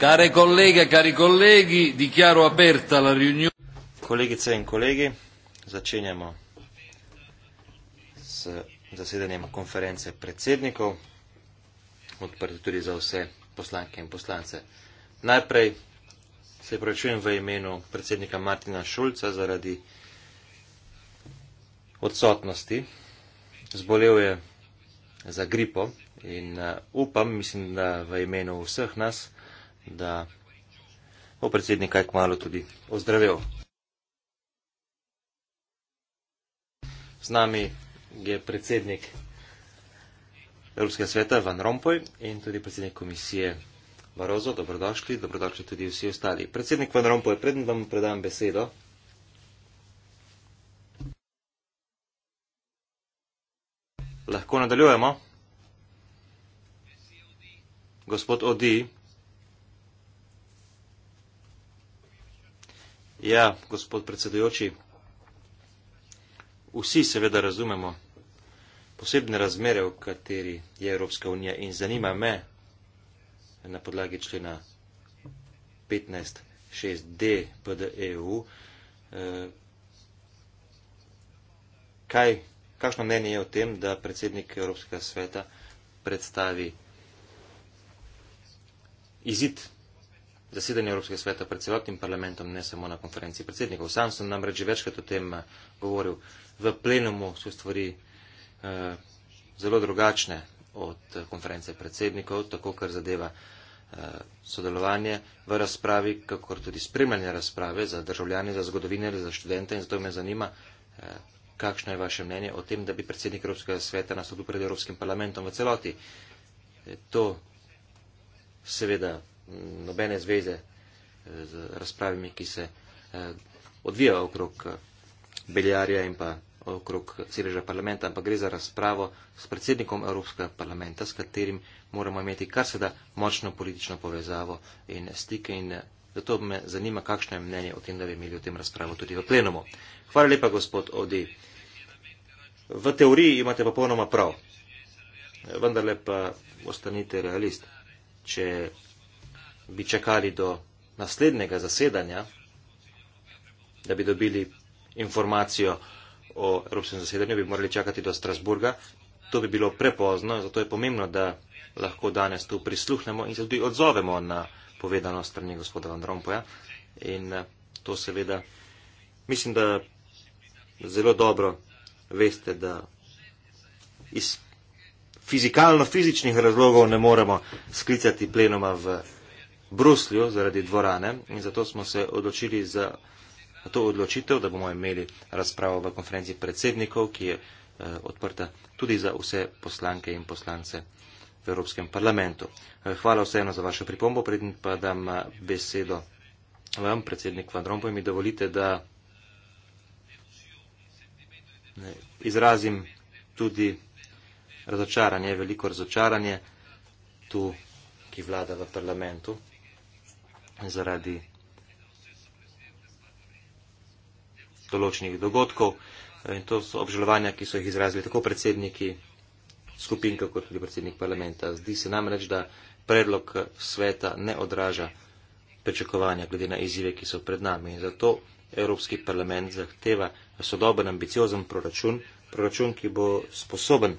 Care kolege, cari kolegi, dichiaro aperta la riunione. Kolegice in kolegi, začenjamo s zasedanjem konference predsednikov, odprte tudi za vse poslanke in poslance. Najprej se pravčujem v imenu predsednika Martina Šulca zaradi odsotnosti. Zbolel je za gripo in uh, upam, mislim, da v imenu vseh nas, da bo predsednik kaj kmalo tudi ozdravil. Z nami je predsednik Evropskega sveta Van Rompuy in tudi predsednik komisije Barozo. Dobrodošli, dobrodošli tudi vsi ostali. Predsednik Van Rompuy, predem vam predam besedo. Lahko nadaljujemo? Gospod Odi. Ja, gospod predsedujoči, vsi seveda razumemo posebne razmere, v kateri je Evropska unija in zanima me na podlagi člena 156D PDEU, eh, kaj, kakšno mnenje je o tem, da predsednik Evropskega sveta predstavi izid zasedanje Evropskega sveta pred celotnim parlamentom, ne samo na konferenci predsednikov. Sam sem namreč že večkrat o tem eh, govoril. V plenumu so stvari eh, zelo drugačne od eh, konference predsednikov, tako kar zadeva eh, sodelovanje v razpravi, kakor tudi spremljanje razprave za državljane, za zgodovinarje, za študente in zato me zanima, eh, kakšno je vaše mnenje o tem, da bi predsednik Evropskega sveta nastopil pred Evropskim parlamentom v celoti. Eh, to seveda nobene zveze eh, z razpravami, ki se eh, odvijajo okrog eh, Beljarja in pa okrog sedeža parlamenta, ampak gre za razpravo s predsednikom Evropskega parlamenta, s katerim moramo imeti kar se da močno politično povezavo in stike. In zato me zanima, kakšno je mnenje o tem, da bi imeli o tem razpravo tudi v plenumu. Hvala lepa, gospod Odi. V teoriji imate popolnoma prav, vendar lepa ostanite realist. Če bi čakali do naslednjega zasedanja, da bi dobili informacijo o evropskem zasedanju, bi morali čakati do Strasburga. To bi bilo prepozno, zato je pomembno, da lahko danes tu prisluhnemo in se tudi odzovemo na povedano strani gospoda Van Rompuja. In eh, to seveda mislim, da zelo dobro veste, da iz fizikalno-fizičnih razlogov ne moremo sklicati plenoma v Bruslju zaradi dvorane in zato smo se odločili za to odločitev, da bomo imeli razpravo v konferenci predsednikov, ki je eh, odprta tudi za vse poslanke in poslance v Evropskem parlamentu. Eh, hvala vseeno za vašo pripombo, predtem pa dam eh, besedo vam, predsednik Van Rompuy, mi dovolite, da izrazim tudi razočaranje, veliko razočaranje tu, ki vlada v parlamentu zaradi določenih dogodkov. In to so obžalovanja, ki so jih izrazili tako predsedniki skupin, kot tudi predsednik parlamenta. Zdi se namreč, da predlog sveta ne odraža pričakovanja glede na izzive, ki so pred nami. In zato Evropski parlament zahteva sodoben, ambiciozen proračun, proračun, ki bo sposoben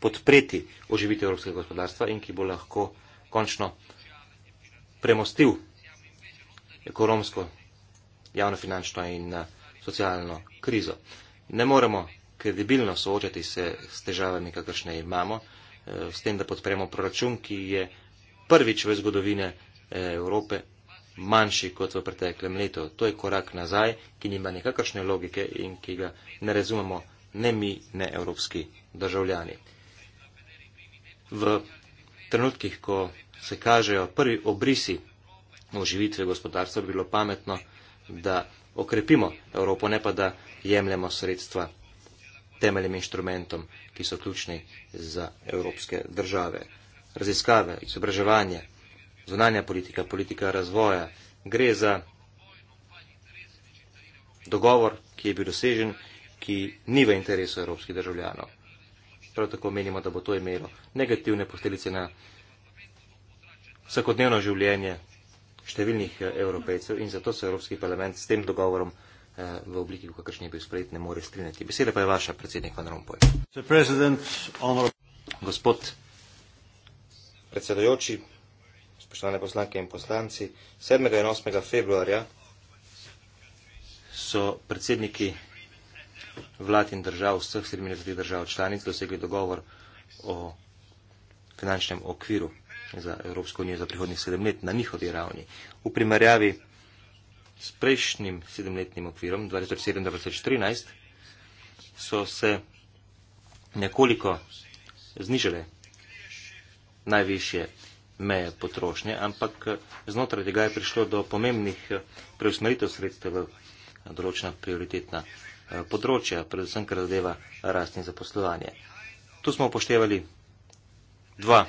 podpreti oživitev evropskega gospodarstva in ki bo lahko končno premostil ekonomsko, javnofinančno in eh, socialno krizo. Ne moremo kredibilno soočati se s težavami, kakršne imamo, eh, s tem, da podpremo proračun, ki je prvič v zgodovine eh, Evrope manjši kot v preteklem letu. To je korak nazaj, ki nima nekakršne logike in ki ga ne razumemo ne mi, ne evropski državljani. V trenutkih, ko se kažejo prvi obrisi oživitve gospodarstva bilo pametno, da okrepimo Evropo, ne pa da jemljemo sredstva temeljem inštrumentom, ki so ključni za evropske države. Raziskave, izobraževanje, zvonanja politika, politika razvoja, gre za dogovor, ki je bil dosežen, ki ni v interesu evropskih državljanov. Prav tako menimo, da bo to imelo negativne posledice na vsakodnevno življenje številnih eh, evropejcev in zato se Evropski parlament s tem dogovorom eh, v obliki, v kakršni je bil sprejet, ne more strinjati. Beseda pa je vaša, predsednik Van Rompuy. Gospod predsedojoči, spoštovane poslanke in poslanci, 7. in 8. februarja so predsedniki vlad in držav, vseh 70 držav članic, dosegli dogovor o finančnem okviru za Evropsko unijo za prihodnih sedem let na njihovi ravni. V primerjavi s prejšnjim sedemletnim okvirom 2007-2013 so se nekoliko znižale najvišje meje potrošnje, ampak znotraj tega je prišlo do pomembnih preusmeritev sredstev določena prioritetna eh, področja, predvsem kar zadeva rast in zaposlovanje. Tu smo upoštevali dva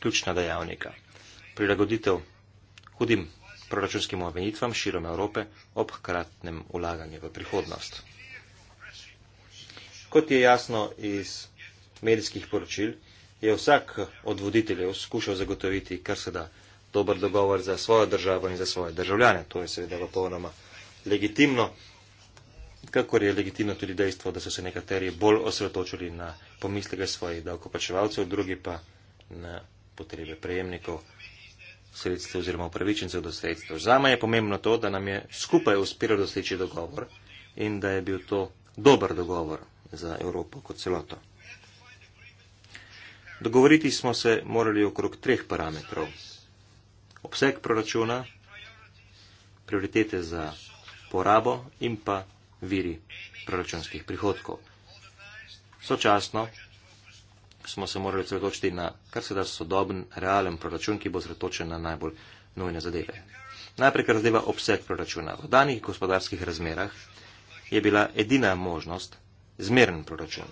ključna dejavnika. Prilagoditev hudim proračunskim omejitvam širom Evrope ob hkratnem ulaganju v prihodnost. Kot je jasno iz medijskih poročil, je vsak od voditeljev skušal zagotoviti kar se da dober dogovor za svojo državo in za svoje državljane. To je seveda popolnoma legitimno, kakor je legitimno tudi dejstvo, da so se nekateri bolj osredotočili na pomislike svojih davkoplačevalcev, drugi pa na potrebe prejemnikov sredstev oziroma upravičencev do sredstev. Zame je pomembno to, da nam je skupaj uspelo doseči dogovor in da je bil to dober dogovor za Evropo kot celoto. Dogovoriti smo se morali okrog treh parametrov. Obseg proračuna, prioritete za porabo in pa viri proračunskih prihodkov. Sočasno smo se morali osredotočiti na kar se da sodoben, realen proračun, ki bo osredotočen na najbolj nujne zadeve. Najprej, kar zadeva obseg proračuna. V danih gospodarskih razmerah je bila edina možnost zmeren proračun.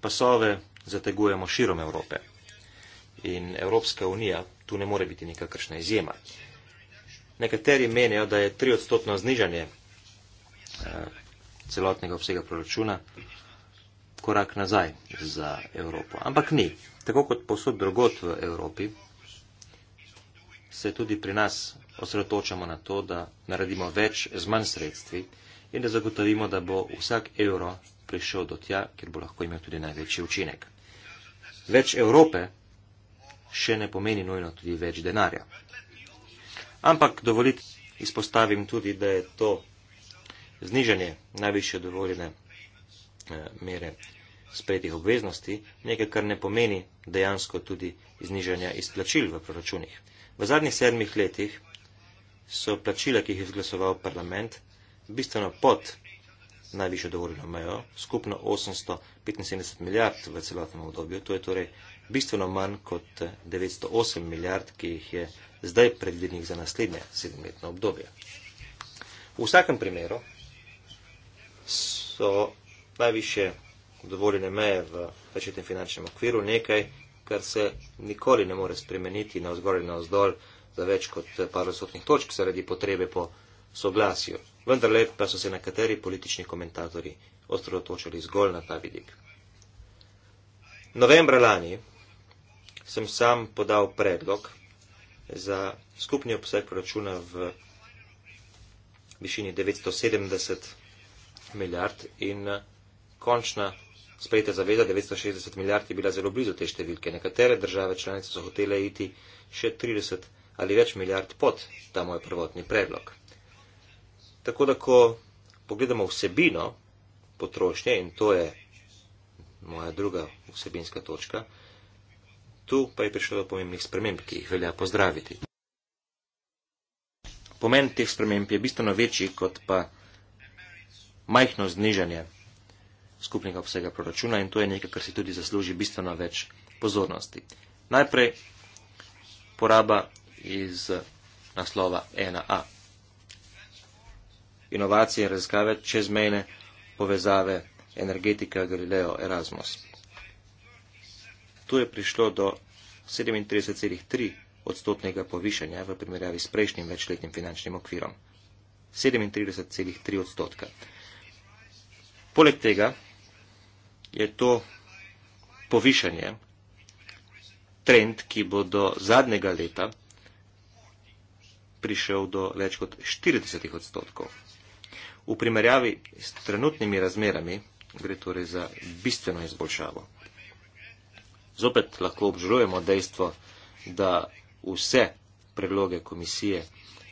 Pasove zategujemo širom Evrope in Evropska unija tu ne more biti nikakršna izjema. Nekateri menijo, da je triodstotno znižanje eh, celotnega obsega proračuna korak nazaj za Evropo. Ampak ni. Tako kot posod drugot v Evropi, se tudi pri nas osredotočamo na to, da naredimo več z manj sredstvi in da zagotovimo, da bo vsak evro prišel do tja, kjer bo lahko imel tudi največji učinek. Več Evrope še ne pomeni nujno tudi več denarja. Ampak dovolite izpostavim tudi, da je to znižanje najviše dovoljene eh, mere sprejetih obveznosti, nekaj, kar ne pomeni dejansko tudi znižanja izplačil v proračunih. V zadnjih sedmih letih so plačila, ki jih je izglasoval parlament, bistveno pod najvišjo dovoljeno mejo, skupno 875 milijard v celotnem obdobju, to je torej bistveno manj kot 908 milijard, ki jih je zdaj predvidnih za naslednje sedmletno obdobje. V vsakem primeru so najviše dovoljene meje v začetnem finančnem okviru, nekaj, kar se nikoli ne more spremeniti na vzgor in na vzdolj za več kot par odstotnih točk zaradi potrebe po soglasju. Vendar le pa so se nekateri politični komentatorji ostrotočili zgolj na ta vidik. Novembra lani sem sam podal predlog za skupni obseg proračuna v višini 970 milijard in končna sprejeta zaveza 960 milijard je bila zelo blizu te številke. Nekatere države članice so hotele iti še 30 ali več milijard pod ta moj prvotni predlog. Tako da, ko pogledamo vsebino potrošnje in to je moja druga vsebinska točka, tu pa je prišlo do pomembnih sprememb, ki jih velja pozdraviti. Pomen teh sprememb je bistveno večji kot pa majhno znižanje skupnega obsega proračuna in to je nekaj, kar si tudi zasluži bistveno več pozornosti. Najprej poraba iz naslova 1a. Inovacije in raziskave čezmejne povezave energetika Galileo Erasmus. Tu je prišlo do 37,3 odstotnega povišanja v primerjavi s prejšnjim večletnim finančnim okvirom. 37,3 odstotka. Poleg tega je to povišanje trend, ki bo do zadnjega leta prišel do več kot 40 odstotkov. V primerjavi s trenutnimi razmerami gre torej za bistveno izboljšavo. Zopet lahko obžalujemo dejstvo, da vse predloge komisije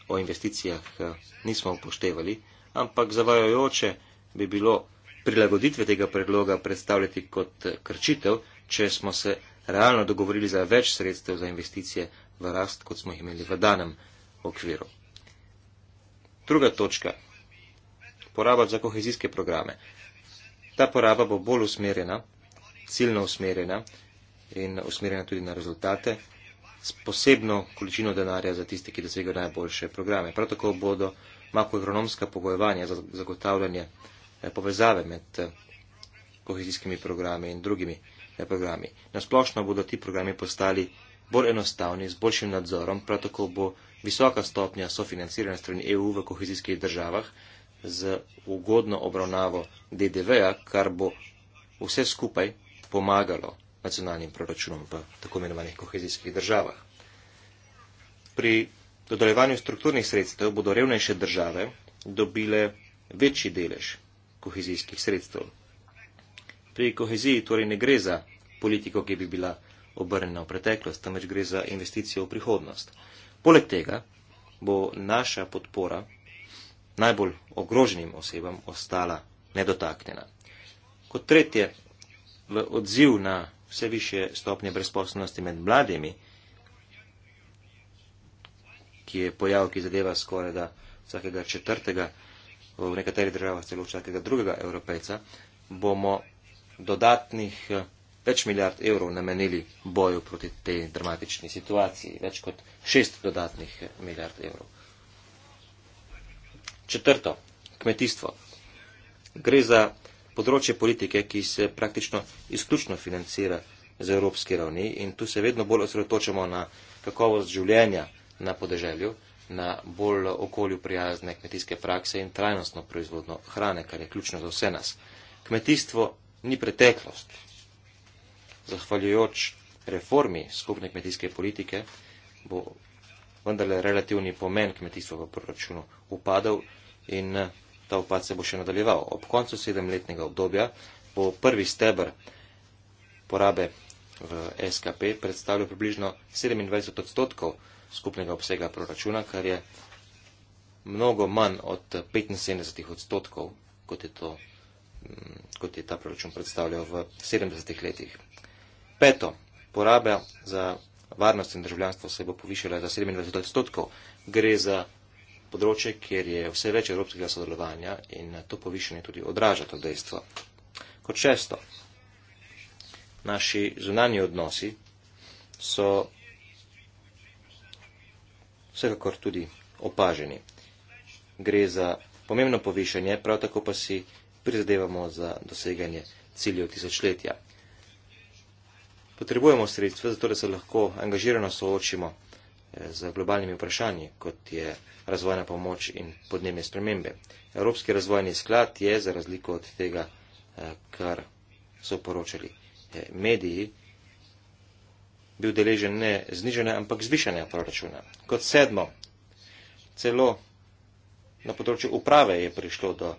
o investicijah eh, nismo upoštevali, ampak zavajojoče bi bilo prilagoditve tega predloga predstavljati kot krčitev, če smo se realno dogovorili za več sredstev za investicije v rast, kot smo jih imeli v danem okviru. Druga točka. Poraba za kohezijske programe. Ta poraba bo bolj usmerjena, ciljno usmerjena in usmerjena tudi na rezultate s posebno količino denarja za tiste, ki dosegajo najboljše programe. Prav tako bodo makroekonomska pogojevanja za zagotavljanje Eh, povezave med eh, kohezijskimi programi in drugimi eh, programi. Nasplošno bodo ti programi postali bolj enostavni, z boljšim nadzorom, prav tako bo visoka stopnja sofinanciranja strani EU v kohezijskih državah z ugodno obravnavo DDV-ja, kar bo vse skupaj pomagalo nacionalnim proračunom v tako imenovanih kohezijskih državah. Pri dodeljevanju strukturnih sredstev bodo revnejše države dobile večji delež kohezijskih sredstev. Pri koheziji torej ne gre za politiko, ki bi bila obrnjena v preteklost, temveč gre za investicijo v prihodnost. Poleg tega bo naša podpora najbolj ogroženim osebam ostala nedotaknjena. Kot tretje, v odziv na vse više stopnje brezposobnosti med mladimi, ki je pojav, ki zadeva skoraj da vsakega četrtega v nekaterih državah celo vsakega drugega evropejca, bomo dodatnih eh, več milijard evrov namenili boju proti tej dramatični situaciji. Več kot šest dodatnih eh, milijard evrov. Četrto. Kmetijstvo. Gre za področje politike, ki se praktično izključno financira z evropski ravni in tu se vedno bolj osredotočamo na kakovost življenja na podeželju, na bolj okolju prijazne kmetijske prakse in trajnostno proizvodno hrane, kar je ključno za vse nas. Kmetijstvo ni preteklost. Zahvaljujoč reformi skupne kmetijske politike bo vendarle relativni pomen kmetijstva v proračunu upadal in eh, ta upad se bo še nadaljeval. Ob koncu sedemletnega obdobja bo prvi stebr porabe v SKP predstavljal približno 27 odstotkov skupnega obsega proračuna, kar je mnogo manj od 75 odstotkov, kot je, to, mm, kot je ta proračun predstavljal v 70 letih. Peto, poraba za varnost in državljanstvo se bo povišala za 27 odstotkov. Gre za področje, kjer je vse več evropskega sodelovanja in to povišanje tudi odraža to dejstvo. Kot šesto, naši zunanji odnosi so vsekakor tudi opaženi. Gre za pomembno povišanje, prav tako pa si prizadevamo za doseganje ciljev tisočletja. Potrebujemo sredstva, zato da se lahko angažirano soočimo eh, z globalnimi vprašanji, kot je razvojna pomoč in podnebne spremembe. Evropski razvojni sklad je, za razliko od tega, eh, kar so poročali eh, mediji, bil deležen ne znižanja, ampak zvišanja proračuna. Kot sedmo, celo na področju uprave je prišlo do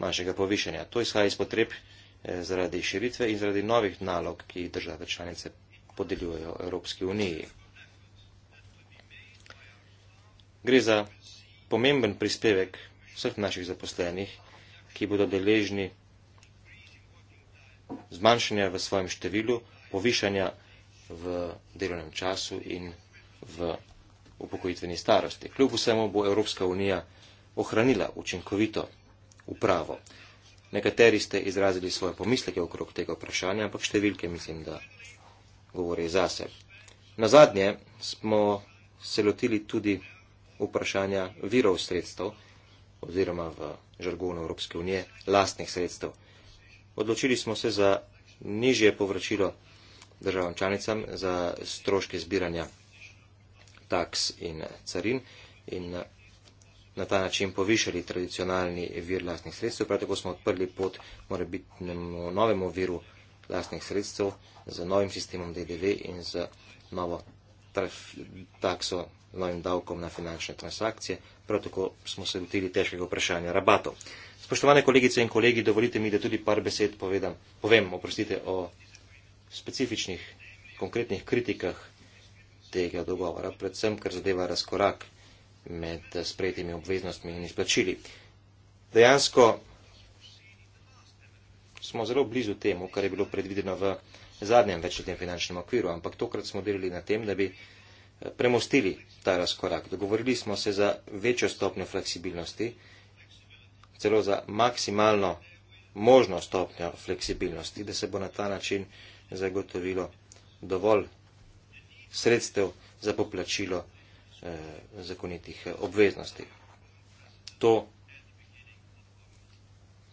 manjšega povišanja. To izhaja iz potreb eh, zaradi širitve in zaradi novih nalog, ki jih države članice podeljujejo Evropski uniji. Gre za pomemben prispevek vseh naših zaposlenih, ki bodo deležni zmanjšanja v svojem številu, povišanja v delovnem času in v upokojitveni starosti. Kljub vsemu bo Evropska unija ohranila učinkovito upravo. Nekateri ste izrazili svoje pomisleke okrog tega vprašanja, ampak številke mislim, da govori za se. Na zadnje smo se lotili tudi vprašanja virov sredstev oziroma v žargonu Evropske unije lastnih sredstev. Odločili smo se za nižje povračilo državam članicam za stroške zbiranja taks in carin in na ta način povišali tradicionalni vir lastnih sredstev. Prav tako smo odprli pot morebitnemu novemu viru lastnih sredstev z novim sistemom DDV in z novo takso, novim davkom na finančne transakcije. Prav tako smo se lotili težkega vprašanja rabatov. Spoštovane kolegice in kolegi, dovolite mi, da tudi par besed povedam, povem oprostite, o specifičnih, konkretnih kritikah tega dogovora, predvsem kar zadeva razkorak med eh, sprejetimi obveznostmi in izplačili. Dejansko smo zelo blizu temu, kar je bilo predvideno v zadnjem večletnem finančnem okviru, ampak tokrat smo delili na tem, da bi eh, premostili ta razkorak. Dogovorili smo se za večjo stopnjo fleksibilnosti, celo za maksimalno možno stopnjo fleksibilnosti, da se bo na ta način zagotovilo dovolj sredstev za poplačilo eh, zakonitih eh, obveznosti. To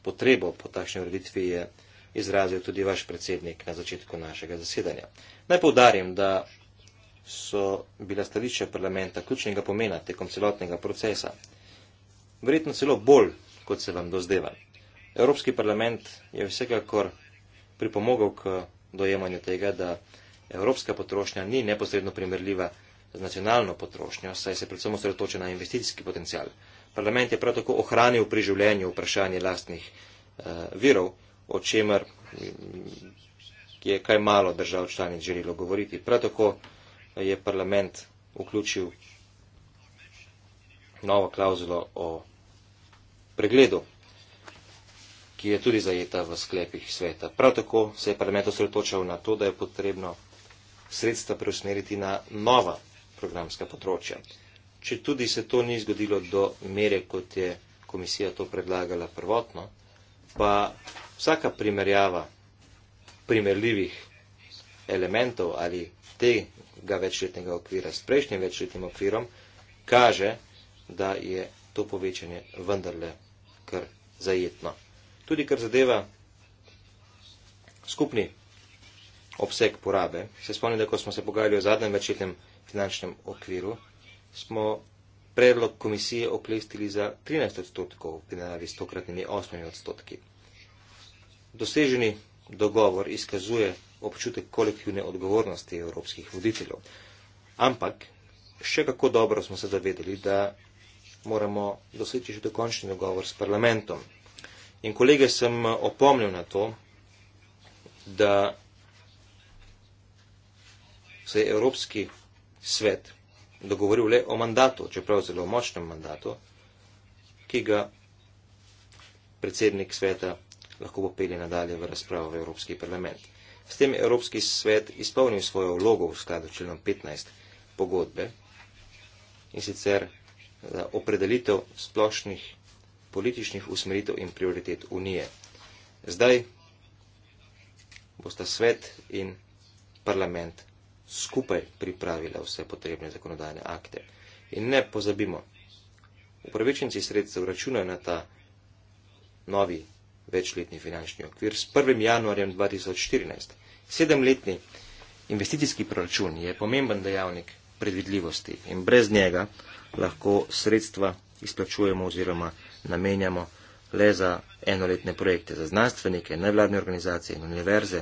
potrebo po takšni ureditvi je izrazil tudi vaš predsednik na začetku našega zasedanja. Naj povdarim, da so bila stališča parlamenta ključnega pomena tekom celotnega procesa. Verjetno celo bolj, kot se vam dozdeva. Evropski parlament je vsekakor pripomogel k dojemanju tega, da evropska potrošnja ni neposredno primerljiva z nacionalno potrošnjo, saj se predvsem osredotoča na investicijski potencial. Parlament je prav tako ohranil pri življenju vprašanje lastnih uh, virov, o čemer mm, je kaj malo držav članic želilo govoriti. Prav tako je parlament vključil novo klauzulo o pregledu ki je tudi zajeta v sklepih sveta. Prav tako se je parlament osredotočal na to, da je potrebno sredstva preusmeriti na nova programska področja. Če tudi se to ni zgodilo do mere, kot je komisija to predlagala prvotno, pa vsaka primerjava primerljivih elementov ali tega večletnega okvira s prejšnjim večletnim okvirom kaže, da je to povečanje vendarle kar zajetno. Tudi kar zadeva skupni obseg porabe, se spomnim, da ko smo se pogajali o zadnjem večetnem finančnem okviru, smo predlog komisije oklestili za 13 odstotkov, primerjavi s tokratnimi 8 odstotki. Doseženi dogovor izkazuje občutek kolektivne odgovornosti evropskih voditeljev. Ampak še kako dobro smo se zavedali, da moramo doseči še dokončni dogovor s parlamentom, In kolege sem eh, opomnil na to, da se je Evropski svet dogovoril le o mandatu, čeprav zelo močnem mandatu, ki ga predsednik sveta lahko popelje nadalje v razpravo v Evropski parlament. S tem Evropski svet izpolnil svojo vlogo v skladu členom 15 pogodbe in sicer opredelitev splošnih političnih usmeritev in prioritet Unije. Zdaj bosta svet in parlament skupaj pripravila vse potrebne zakonodajne akte. In ne pozabimo, upravičenci sredstev računajo na ta novi večletni finančni okvir s 1. januarjem 2014. Sedemletni investicijski proračun je pomemben dejavnik predvidljivosti in brez njega lahko sredstva izplačujemo oziroma namenjamo le za enoletne projekte, za znanstvenike, nevladne organizacije in univerze,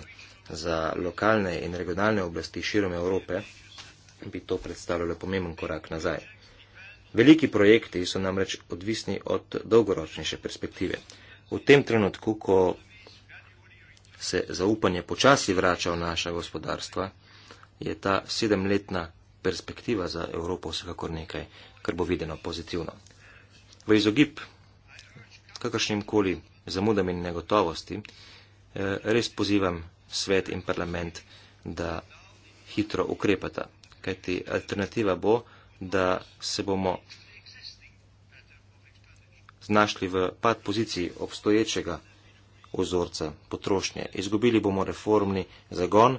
za lokalne in regionalne oblasti širom Evrope, bi to predstavljalo pomemben korak nazaj. Veliki projekti so namreč odvisni od dolgoročnejše perspektive. V tem trenutku, ko se zaupanje počasi vrača v naša gospodarstva, je ta sedemletna perspektiva za Evropo vsekakor nekaj, kar bo videno pozitivno. V izogib kakršnim koli zamudam in negotovosti, eh, res pozivam svet in parlament, da hitro ukrepata. Kajti alternativa bo, da se bomo znašli v pad poziciji obstoječega ozorca potrošnje. Izgubili bomo reformni zagon,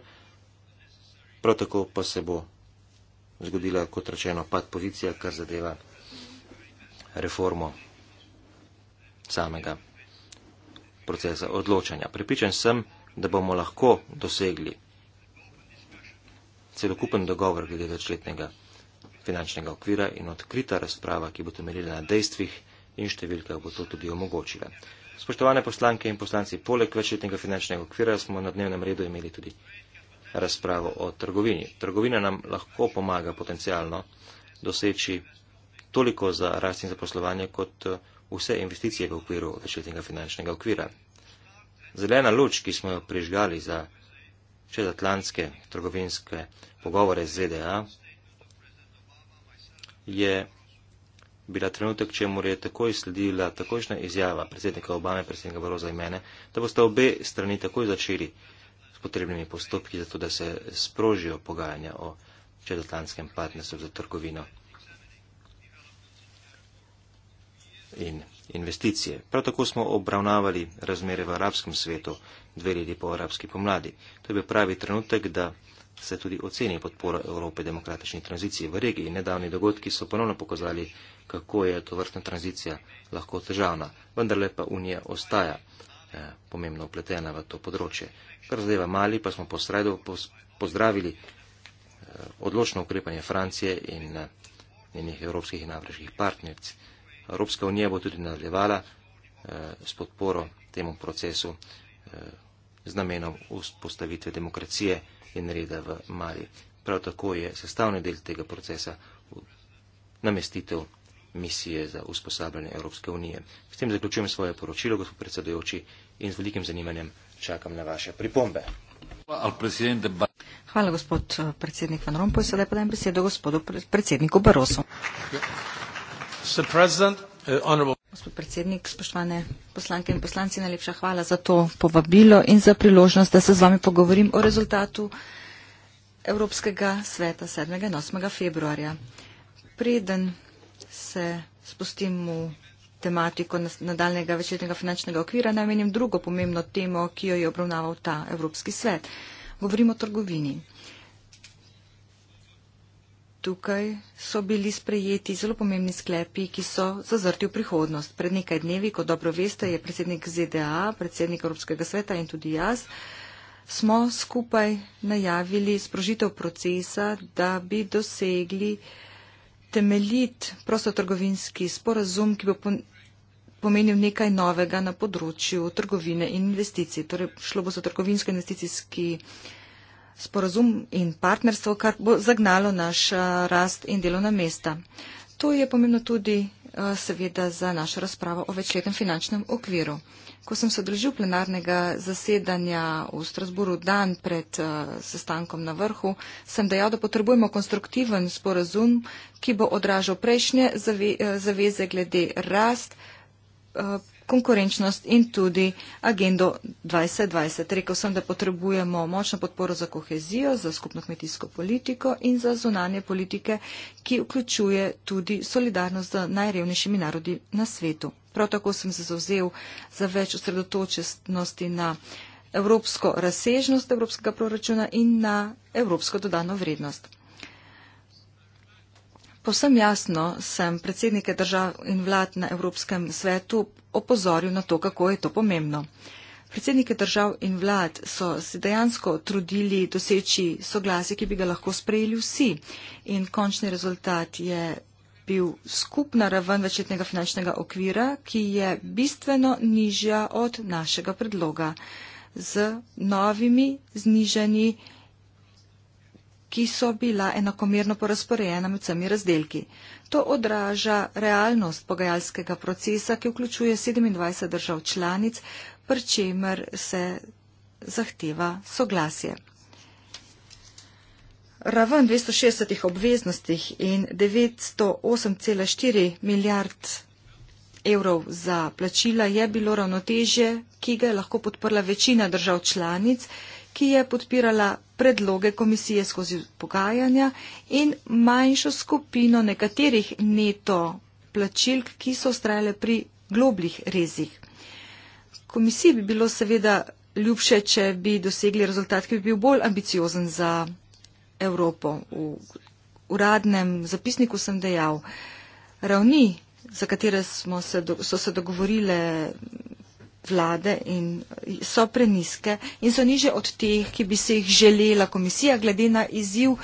prav tako pa se bo zgodila, kot rečeno, pad pozicija, kar zadeva reformo samega procesa odločanja. Pripričan sem, da bomo lahko dosegli celokupen dogovor glede večletnega finančnega okvira in odkrita razprava, ki bo temeljila na dejstvih in številkah, bo to tudi omogočila. Spoštovane poslanke in poslanci, poleg večletnega finančnega okvira smo na dnevnem redu imeli tudi razpravo o trgovini. Trgovina nam lahko pomaga potencialno doseči toliko za rast in zaposlovanje, kot vse investicije v okviru večletnega finančnega okvira. Zelena luč, ki smo jo prižgali za čezatlantske trgovinske pogovore z ZDA, je bila trenutek, če mu je takoj sledila takojšna izjava predsednika Obame, predsednika Baroza in mene, da boste obe strani takoj začeli s potrebnimi postopki, zato da se sprožijo pogajanja o čezatlantskem partnerstvu za trgovino. in investicije. Prav tako smo obravnavali razmere v arabskem svetu dve leti po arabski pomladi. To je bil pravi trenutek, da se tudi oceni podpora Evrope demokratični tranziciji v regiji. Nedavni dogodki so ponovno pokazali, kako je to vrstna tranzicija lahko težavna. Vendar lepa Unija ostaja eh, pomembno upletena v to področje. Kar zadeva mali, pa smo posredo pozdravili eh, odločno ukrepanje Francije in eh, njenih evropskih in afriških partneric. Evropska unija bo tudi nadaljevala eh, s podporo temu procesu eh, z namenom vzpostavitve demokracije in reda v Mali. Prav tako je sestavni del tega procesa namestitev misije za usposabljanje Evropske unije. S tem zaključujem svoje poročilo, gospod predsedujoči, in z velikim zanimanjem čakam na vaše pripombe. Hvala, gospod eh, predsednik Van Rompuy. Sedaj pa dajem besedo gospodu predsedniku Barosu. Ja. Eh, Gospod predsednik, spoštovane poslanke in poslanci, najlepša hvala za to povabilo in za priložnost, da se z vami pogovorim o rezultatu Evropskega sveta 7. in 8. februarja. Preden se spustim v tematiko nadaljnega večletnega finančnega okvira, namenim drugo pomembno temo, ki jo je obravnaval ta Evropski svet. Govorimo o trgovini. Tukaj so bili sprejeti zelo pomembni sklepi, ki so zazrti v prihodnost. Pred nekaj dnevi, kot dobro veste, je predsednik ZDA, predsednik Evropskega sveta in tudi jaz, smo skupaj najavili sprožitev procesa, da bi dosegli temeljit prostotrgovinski sporazum, ki bo pomenil nekaj novega na področju trgovine in investicij. Torej, šlo bo za trgovinsko investicijski sporazum sporazum in partnerstvo, kar bo zagnalo naš eh, rast in delovna mesta. To je pomembno tudi eh, seveda za našo razpravo o večletnem finančnem okviru. Ko sem se odložil plenarnega zasedanja v Strasburu dan pred eh, sestankom na vrhu, sem dejal, da potrebujemo konstruktiven sporazum, ki bo odražal prejšnje zaveze glede rast konkurenčnost in tudi agendo 2020. Rekel sem, da potrebujemo močno podporo za kohezijo, za skupno kmetijsko politiko in za zunanje politike, ki vključuje tudi solidarnost z najrevnejšimi narodi na svetu. Prav tako sem se zauzel za več osredotočenosti na evropsko razsežnost evropskega proračuna in na evropsko dodano vrednost. Povsem jasno sem predsednike držav in vlad na Evropskem svetu opozoril na to, kako je to pomembno. Predsednike držav in vlad so se dejansko trudili doseči soglasje, ki bi ga lahko sprejeli vsi. In končni rezultat je bil skupna raven večletnega finančnega okvira, ki je bistveno nižja od našega predloga z novimi znižanji ki so bila enakomerno porazporejena med vsemi razdelki. To odraža realnost pogajalskega procesa, ki vključuje 27 držav članic, pri čemer se zahteva soglasje. Raven 260 obveznosti in 908,4 milijard evrov za plačila je bilo ravnotežje, ki ga je lahko podprla večina držav članic, ki je podpirala predloge komisije skozi pogajanja in manjšo skupino nekaterih neto plačilk, ki so ustrajale pri globljih rezih. Komisiji bi bilo seveda ljubše, če bi dosegli rezultat, ki bi bil bolj ambiciozen za Evropo. V uradnem zapisniku sem dejal, ravni, za katere smo se, so se dogovorile vlade in so preniske in so niže od teh, ki bi se jih želela komisija glede na izziv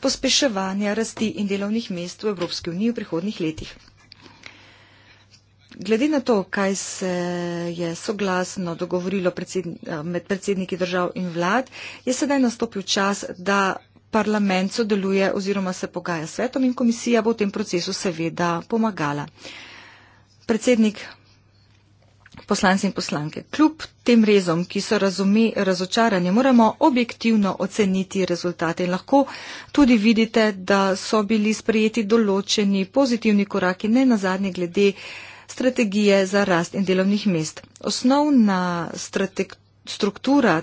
pospeševanja rasti in delovnih mest v Evropski uniji v prihodnih letih. Glede na to, kaj se je soglasno dogovorilo predsed, eh, med predsedniki držav in vlad, je sedaj nastopil čas, da parlament sodeluje oziroma se pogaja s svetom in komisija bo v tem procesu seveda pomagala. Predsednik poslanci in poslanke. Kljub tem rezom, ki so razume, razočaranje, moramo objektivno oceniti rezultate in lahko tudi vidite, da so bili sprejeti določeni pozitivni koraki, ne na zadnje glede strategije za rast in delovnih mest. Osnovna struktura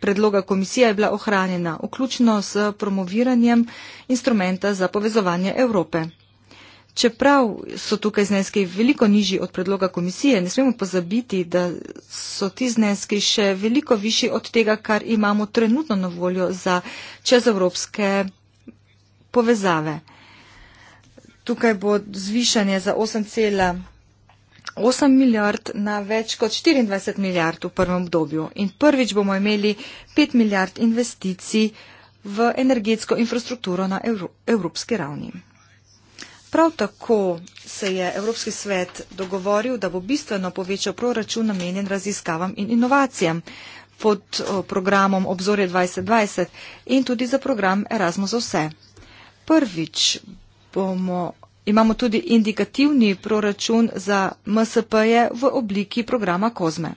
predloga komisije je bila ohranjena, vključno s promoviranjem instrumenta za povezovanje Evrope. Čeprav so tukaj zneski veliko nižji od predloga komisije, ne smemo pozabiti, da so ti zneski še veliko višji od tega, kar imamo trenutno na voljo za čezevropske povezave. Tukaj bo zvišanje za 8,8 milijard na več kot 24 milijard v prvem obdobju. In prvič bomo imeli 5 milijard investicij v energetsko infrastrukturo na evropski ravni. Prav tako se je Evropski svet dogovoril, da bo bistveno povečal proračun namenjen raziskavam in inovacijam pod programom Obzorje 2020 in tudi za program Erasmus za vse. Prvič bomo, imamo tudi indikativni proračun za MSP-je v obliki programa Kozme.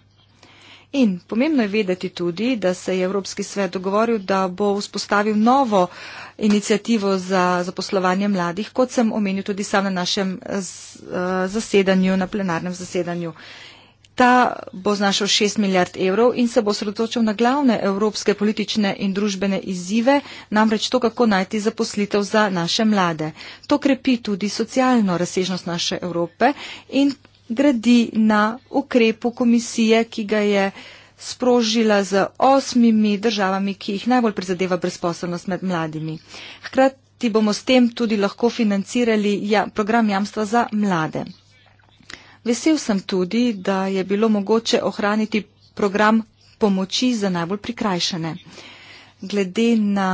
In pomembno je vedeti tudi, da se je Evropski svet dogovoril, da bo vzpostavil novo inicijativo za zaposlovanje mladih, kot sem omenil tudi sam na našem eh, zasedanju, na plenarnem zasedanju. Ta bo znašal 6 milijard evrov in se bo sredotočil na glavne evropske politične in družbene izzive, namreč to, kako najti zaposlitev za naše mlade. To krepi tudi socialno razsežnost naše Evrope in gradi na ukrepu komisije, ki ga je uh, sprožila z osmimi državami, ki jih najbolj prizadeva brezposobnost med mladimi. Hkrati bomo s tem tudi lahko financirali ja, program jamstva za mlade. Vesel sem tudi, da je bilo mogoče ohraniti program pomoči za najbolj prikrajšane. Uh, glede na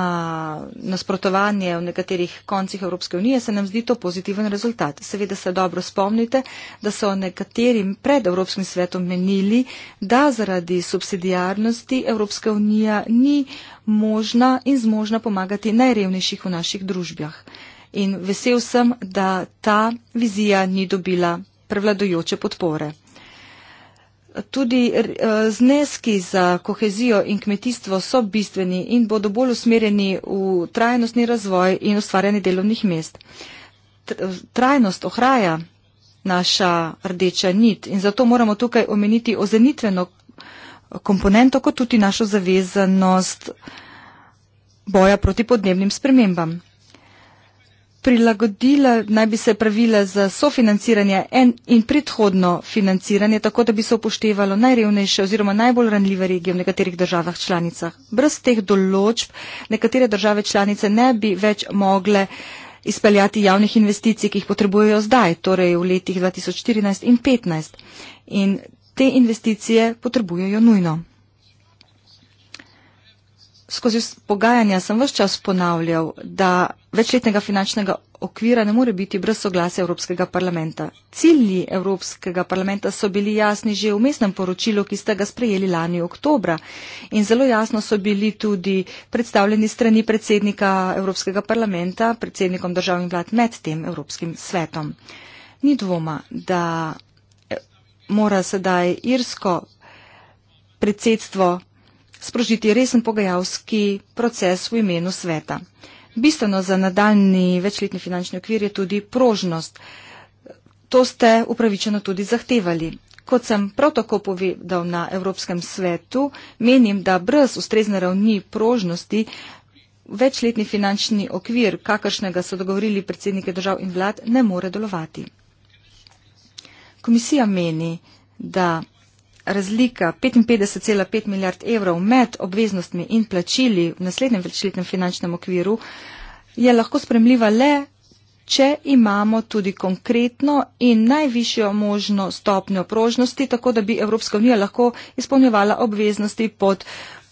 nasprotovanje v nekaterih koncih Evropske unije, se nam zdi to pozitiven rezultat. Seveda se dobro spomnite, da so nekaterim pred Evropskim svetom menili, da zaradi subsidijarnosti Evropska unija ni možna in zmožna pomagati najrevnejših v naših družbah. In vesel sem, da ta vizija ni dobila prevladojoče podpore tudi eh, zneski za kohezijo in kmetijstvo so bistveni in bodo bolj usmerjeni v trajnostni razvoj in ustvarjanje delovnih mest. Trajnost ohraja naša rdeča nit in zato moramo tukaj omeniti ozenitveno komponento, kot tudi našo zavezanost boja proti podnebnim spremembam prilagodila, naj bi se pravila za sofinanciranje en, in predhodno financiranje, tako da bi se upoštevalo najrevnejše oziroma najbolj ranljive regije v nekaterih državah članicah. Brez teh določb nekatere države članice ne bi več mogle izpeljati javnih investicij, ki jih potrebujejo zdaj, torej v letih 2014 in 2015. In te investicije potrebujejo nujno skozi pogajanja sem vse čas ponavljal, da večletnega finančnega okvira ne more biti brez soglasja Evropskega parlamenta. Cilji Evropskega parlamenta so bili jasni že v mestnem poročilu, ki ste ga sprejeli lani oktobra in zelo jasno so bili tudi predstavljeni strani predsednika Evropskega parlamenta, predsednikom državnih vlad med tem Evropskim svetom. Ni dvoma, da eh, mora sedaj irsko predsedstvo sprožiti resen pogajalski proces v imenu sveta. Bistveno za nadaljni večletni finančni okvir je tudi prožnost. To ste upravičeno tudi zahtevali. Kot sem prav tako povedal na Evropskem svetu, menim, da brez ustrezne ravni prožnosti večletni finančni okvir, kakršnega so dogovorili predsednike držav in vlad, ne more delovati. Komisija meni, da razlika 55,5 milijard evrov med obveznostmi in plačili v naslednjem večletnem finančnem okviru je lahko spremljiva le, če imamo tudi konkretno in najvišjo možno stopnjo prožnosti, tako da bi Evropska unija lahko izpolnjevala obveznosti pod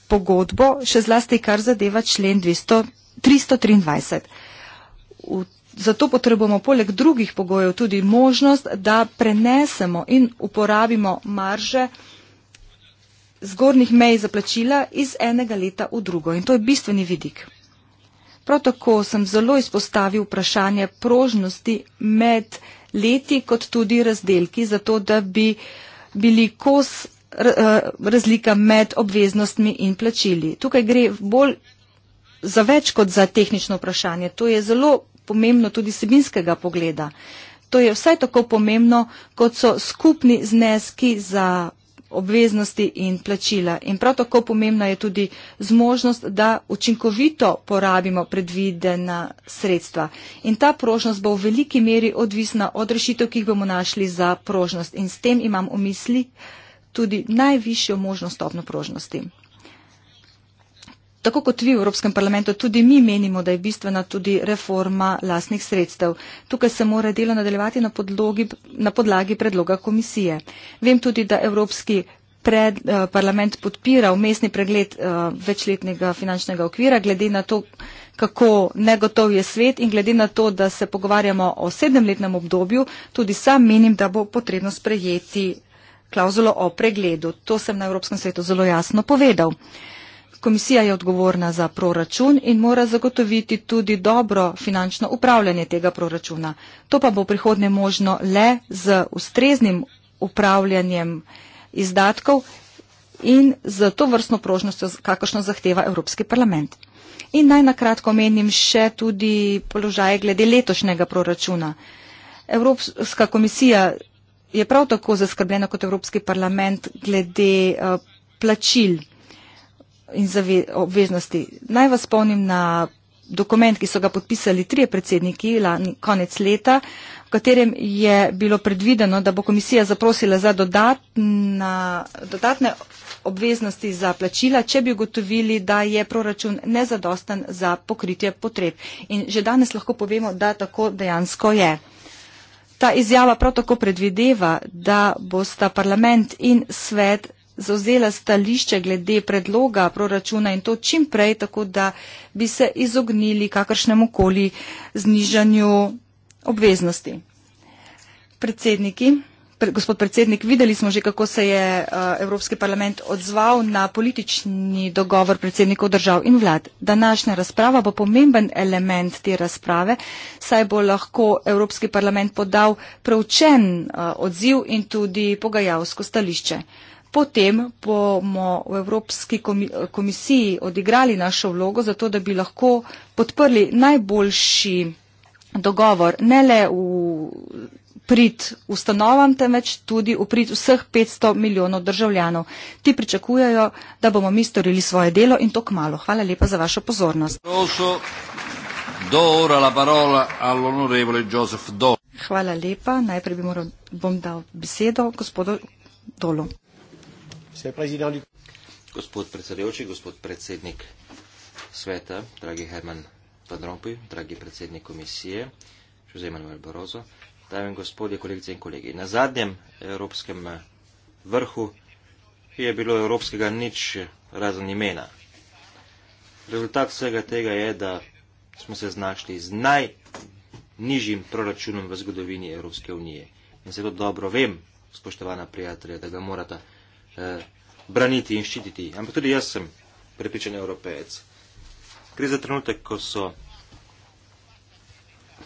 pogodbo, še zlasti kar zadeva člen 200, 323. V zato potrebujemo poleg drugih pogojev tudi možnost, da prenesemo in uporabimo marže zgornjih mej za plačila iz enega leta v drugo. In to je bistveni vidik. Prav tako sem zelo izpostavil vprašanje prožnosti med leti kot tudi razdelki, zato da bi bili kos eh, razlika med obveznostmi in plačili. Tukaj gre bolj za več kot za tehnično vprašanje. To je zelo pomembno tudi sebinskega pogleda. To je vsaj tako pomembno, kot so skupni zneski za obveznosti in plačila. In prav tako pomembna je tudi zmožnost, da učinkovito porabimo predvidena sredstva. In ta prožnost bo v veliki meri odvisna od rešitev, ki jih bomo našli za prožnost. In s tem imam v misli tudi najvišjo možno stopno prožnosti. Tako kot vi v Evropskem parlamentu, tudi mi menimo, da je bistvena tudi reforma lasnih sredstev. Tukaj se mora delo nadaljevati na, podlogi, na podlagi predloga komisije. Vem tudi, da Evropski pred, eh, parlament podpira umestni pregled eh, večletnega finančnega okvira, glede na to, kako negotov je svet in glede na to, da se pogovarjamo o sedemletnem obdobju, tudi sam menim, da bo potrebno sprejeti klauzulo o pregledu. To sem na Evropskem svetu zelo jasno povedal. Eh, Komisija je odgovorna za proračun in mora zagotoviti tudi dobro finančno upravljanje tega proračuna. To pa bo prihodne možno le z ustreznim upravljanjem izdatkov in z to vrstno prožnostjo, kakršno zahteva Evropski parlament. In naj nakratko menim še tudi položaj glede letošnjega proračuna. Evropska komisija je prav tako zaskrbljena kot Evropski parlament glede eh, plačil in zave, obveznosti. Naj vas spomnim na dokument, ki so ga podpisali trije predsedniki lani, konec leta, v katerem je bilo predvideno, da bo komisija zaprosila za dodatna, dodatne obveznosti za plačila, če bi ugotovili, da je proračun nezadostan za pokritje potreb. In že danes lahko povemo, da tako dejansko je. Ta izjava prav tako predvideva, da bosta parlament in svet zauzela stališče glede predloga proračuna in to čim prej, tako da bi se izognili kakršnemu koli znižanju obveznosti. Predsedniki, pre, gospod predsednik, videli smo že, kako se je uh, Evropski parlament odzval na politični dogovor predsednikov držav in vlad. Današnja razprava bo pomemben element te razprave, saj bo lahko Evropski parlament podal preučen uh, eh, odziv in tudi pogajalsko stališče. Uh, Potem bomo v Evropski komisiji odigrali našo vlogo, zato da bi lahko podprli najboljši dogovor, ne le v prid ustanovam, temveč tudi v prid vseh 500 milijonov državljanov. Ti pričakujajo, da bomo mi storili svoje delo in to k malu. Hvala lepa za vašo pozornost. Hvala lepa. Najprej bom dal besedo gospodu Dolu. Gospod predsedujoči, gospod predsednik sveta, dragi Herman Van Rompuy, dragi predsednik komisije, Žuze Manuel Barozo, dame in gospodje, kolegice in kolegi. Na zadnjem evropskem vrhu je bilo evropskega nič razen imena. Rezultat vsega tega je, da smo se znašli z najnižjim proračunom v zgodovini Evropske unije. In zelo dobro vem, spoštovana prijatelja, da ga morata eh, braniti in ščititi. Ampak tudi jaz sem prepričan evropejec. Gre za trenutek, ko so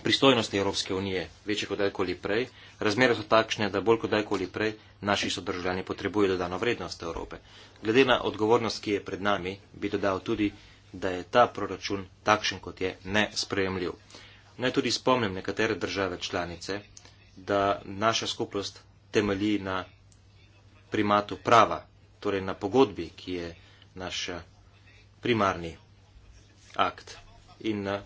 pristojnosti Evropske unije večje kot kdajkoli prej, razmere so takšne, da bolj kot kdajkoli prej naši sodržavljani potrebujejo dodano vrednost Evrope. Glede na odgovornost, ki je pred nami, bi dodal tudi, da je ta proračun takšen, kot je nesprejemljiv. Naj tudi spomnim nekatere države članice, da naša skupnost temelji na primatu prava torej na pogodbi, ki je naš eh, primarni akt. In eh,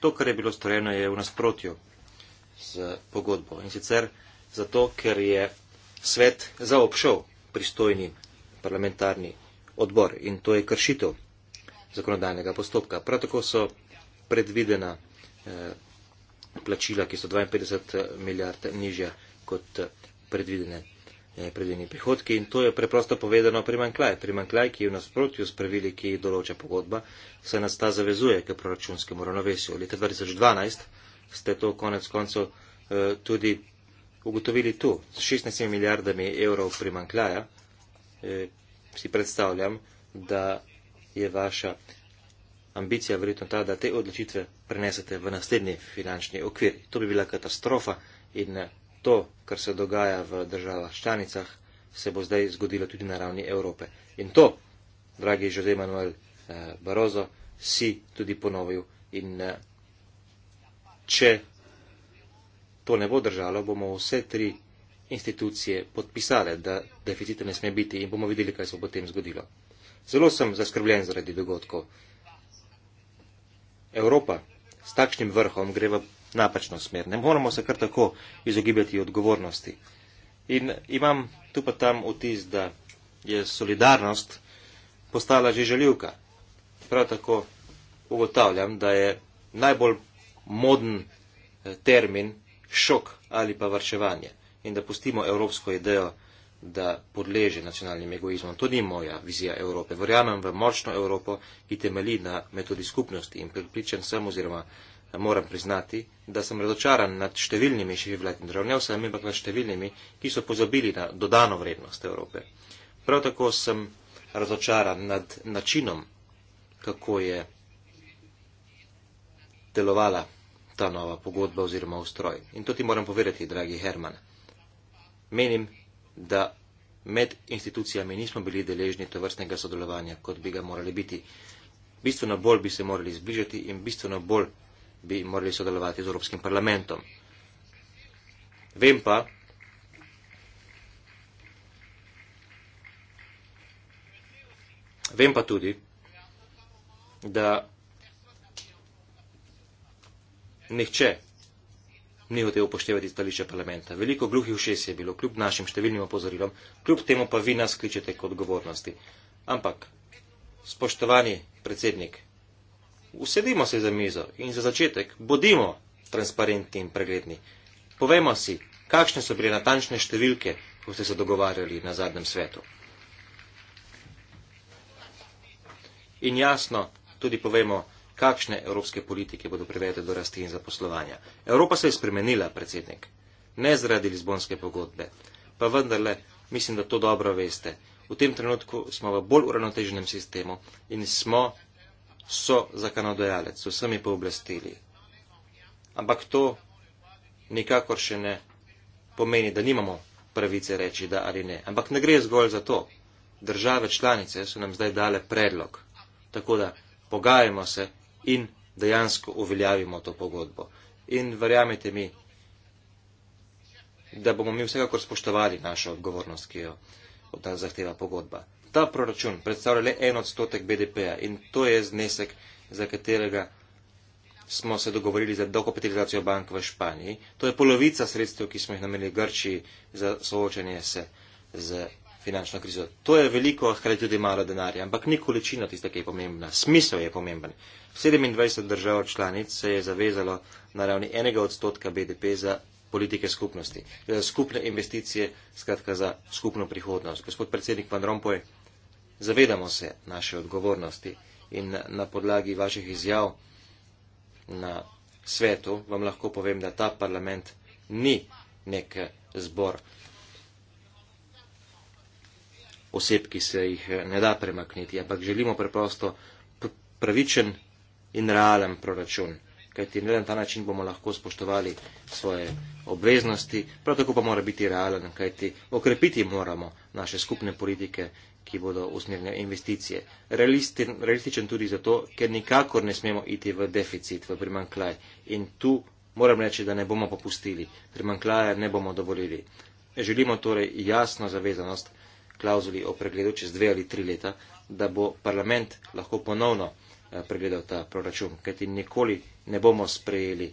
to, kar je bilo storjeno, je v nasprotju z pogodbo. In sicer zato, ker je svet zaopšel pristojni parlamentarni odbor in to je kršitev zakonodajnega postopka. Prav tako so predvidena eh, plačila, ki so 52 milijard nižja kot predvidene neprevidni eh, prihodki in to je preprosto povedano primankljaj. Primankljaj, ki je v nasprotju s pravili, ki jih določa pogodba, se nas ta zavezuje k proračunskemu ravnovesju. Leta 2012 ste to konec koncev eh, tudi ugotovili tu s 16 milijardami evrov primankljaja. Eh, si predstavljam, da je vaša ambicija verjetno ta, da te odločitve prenesete v naslednji finančni okvir. To bi bila katastrofa in to, kar se dogaja v državah članicah, se bo zdaj zgodilo tudi na ravni Evrope. In to, dragi Jose Manuel eh, Barozo, si tudi ponovil. In eh, če to ne bo držalo, bomo vse tri institucije podpisale, da deficita ne sme biti in bomo videli, kaj se bo potem zgodilo. Zelo sem zaskrbljen zaradi dogodkov. Evropa s takšnim vrhom gre v napačno smer. Ne moramo se kar tako izogibati odgovornosti. In imam tu pa tam vtis, da je solidarnost postala že željivka. Prav tako ugotavljam, da je najbolj moden eh, termin šok ali pa varčevanje in da pustimo evropsko idejo, da podleže nacionalnim egoizmom. To ni moja vizija Evrope. Verjamem v močno Evropo, ki temelji na metodi skupnosti in pripričan sem oziroma moram priznati, da sem razočaran nad številnimi šifrati državljanov, sem ampak nad številnimi, ki so pozabili na dodano vrednost Evrope. Prav tako sem razočaran nad načinom, kako je delovala ta nova pogodba oziroma ustroj. In to ti moram povedati, dragi Herman. Menim, da med institucijami nismo bili deležni to vrstnega sodelovanja, kot bi ga morali biti. Bistveno bolj bi se morali zbližati in bistveno bolj bi morali sodelovati z Evropskim parlamentom. Vem pa, vem pa tudi, da nihče ni hotel upoštevati stališče parlamenta. Veliko gluhih všes je bilo, kljub našim številnim opozorilom, kljub temu pa vi nas kličete k odgovornosti. Ampak, spoštovani predsednik, usedimo se za mizo in za začetek bodimo transparentni in pregledni. Povejmo si, kakšne so bile natančne številke, ko ste se dogovarjali na zadnjem svetu. In jasno tudi povemo, kakšne evropske politike bodo privedle do rasti in zaposlovanja. Evropa se je spremenila, predsednik, ne zaradi Lizbonske pogodbe, pa vendarle mislim, da to dobro veste. V tem trenutku smo v bolj uravnoteženem sistemu in smo so zakonodajalec, vsemi pooblastili. Ampak to nikakor še ne pomeni, da nimamo pravice reči da ali ne. Ampak ne gre zgolj za to. Države članice so nam zdaj dale predlog. Tako da pogajamo se in dejansko uveljavimo to pogodbo. In verjamete mi, da bomo mi vsekakor spoštovali našo odgovornost, ki jo od nas zahteva pogodba. Ta proračun predstavlja le en odstotek BDP-ja in to je znesek, za katerega smo se dogovorili za dokapitalizacijo bank v Španiji. To je polovica sredstev, ki smo jih namenili Grčiji za soočanje se z finančno krizo. To je veliko, hkrati tudi malo denarja, ampak ni količina tista, ki je pomembna. Smisel je pomemben. 27 držav članic se je zavezalo na ravni enega odstotka BDP za politike skupnosti, za skupne investicije, skratka za skupno prihodnost. Gospod predsednik Van Rompuy, Zavedamo se naše odgovornosti in na podlagi vaših izjav na svetu vam lahko povem, da ta parlament ni nek zbor oseb, ki se jih ne da premakniti, ampak želimo preprosto pravičen in realen proračun, kajti na ta način bomo lahko spoštovali svoje obveznosti, prav tako pa mora biti realen, kajti okrepiti moramo naše skupne politike ki bodo usmerjene investicije. Realističen, realističen tudi zato, ker nikakor ne smemo iti v deficit, v primanklaj. In tu moram reči, da ne bomo popustili. Primanklaja ne bomo dovolili. Želimo torej jasno zavezanost klauzuli o pregledu čez dve ali tri leta, da bo parlament lahko ponovno eh, pregledal ta proračun, kajti nikoli ne bomo sprejeli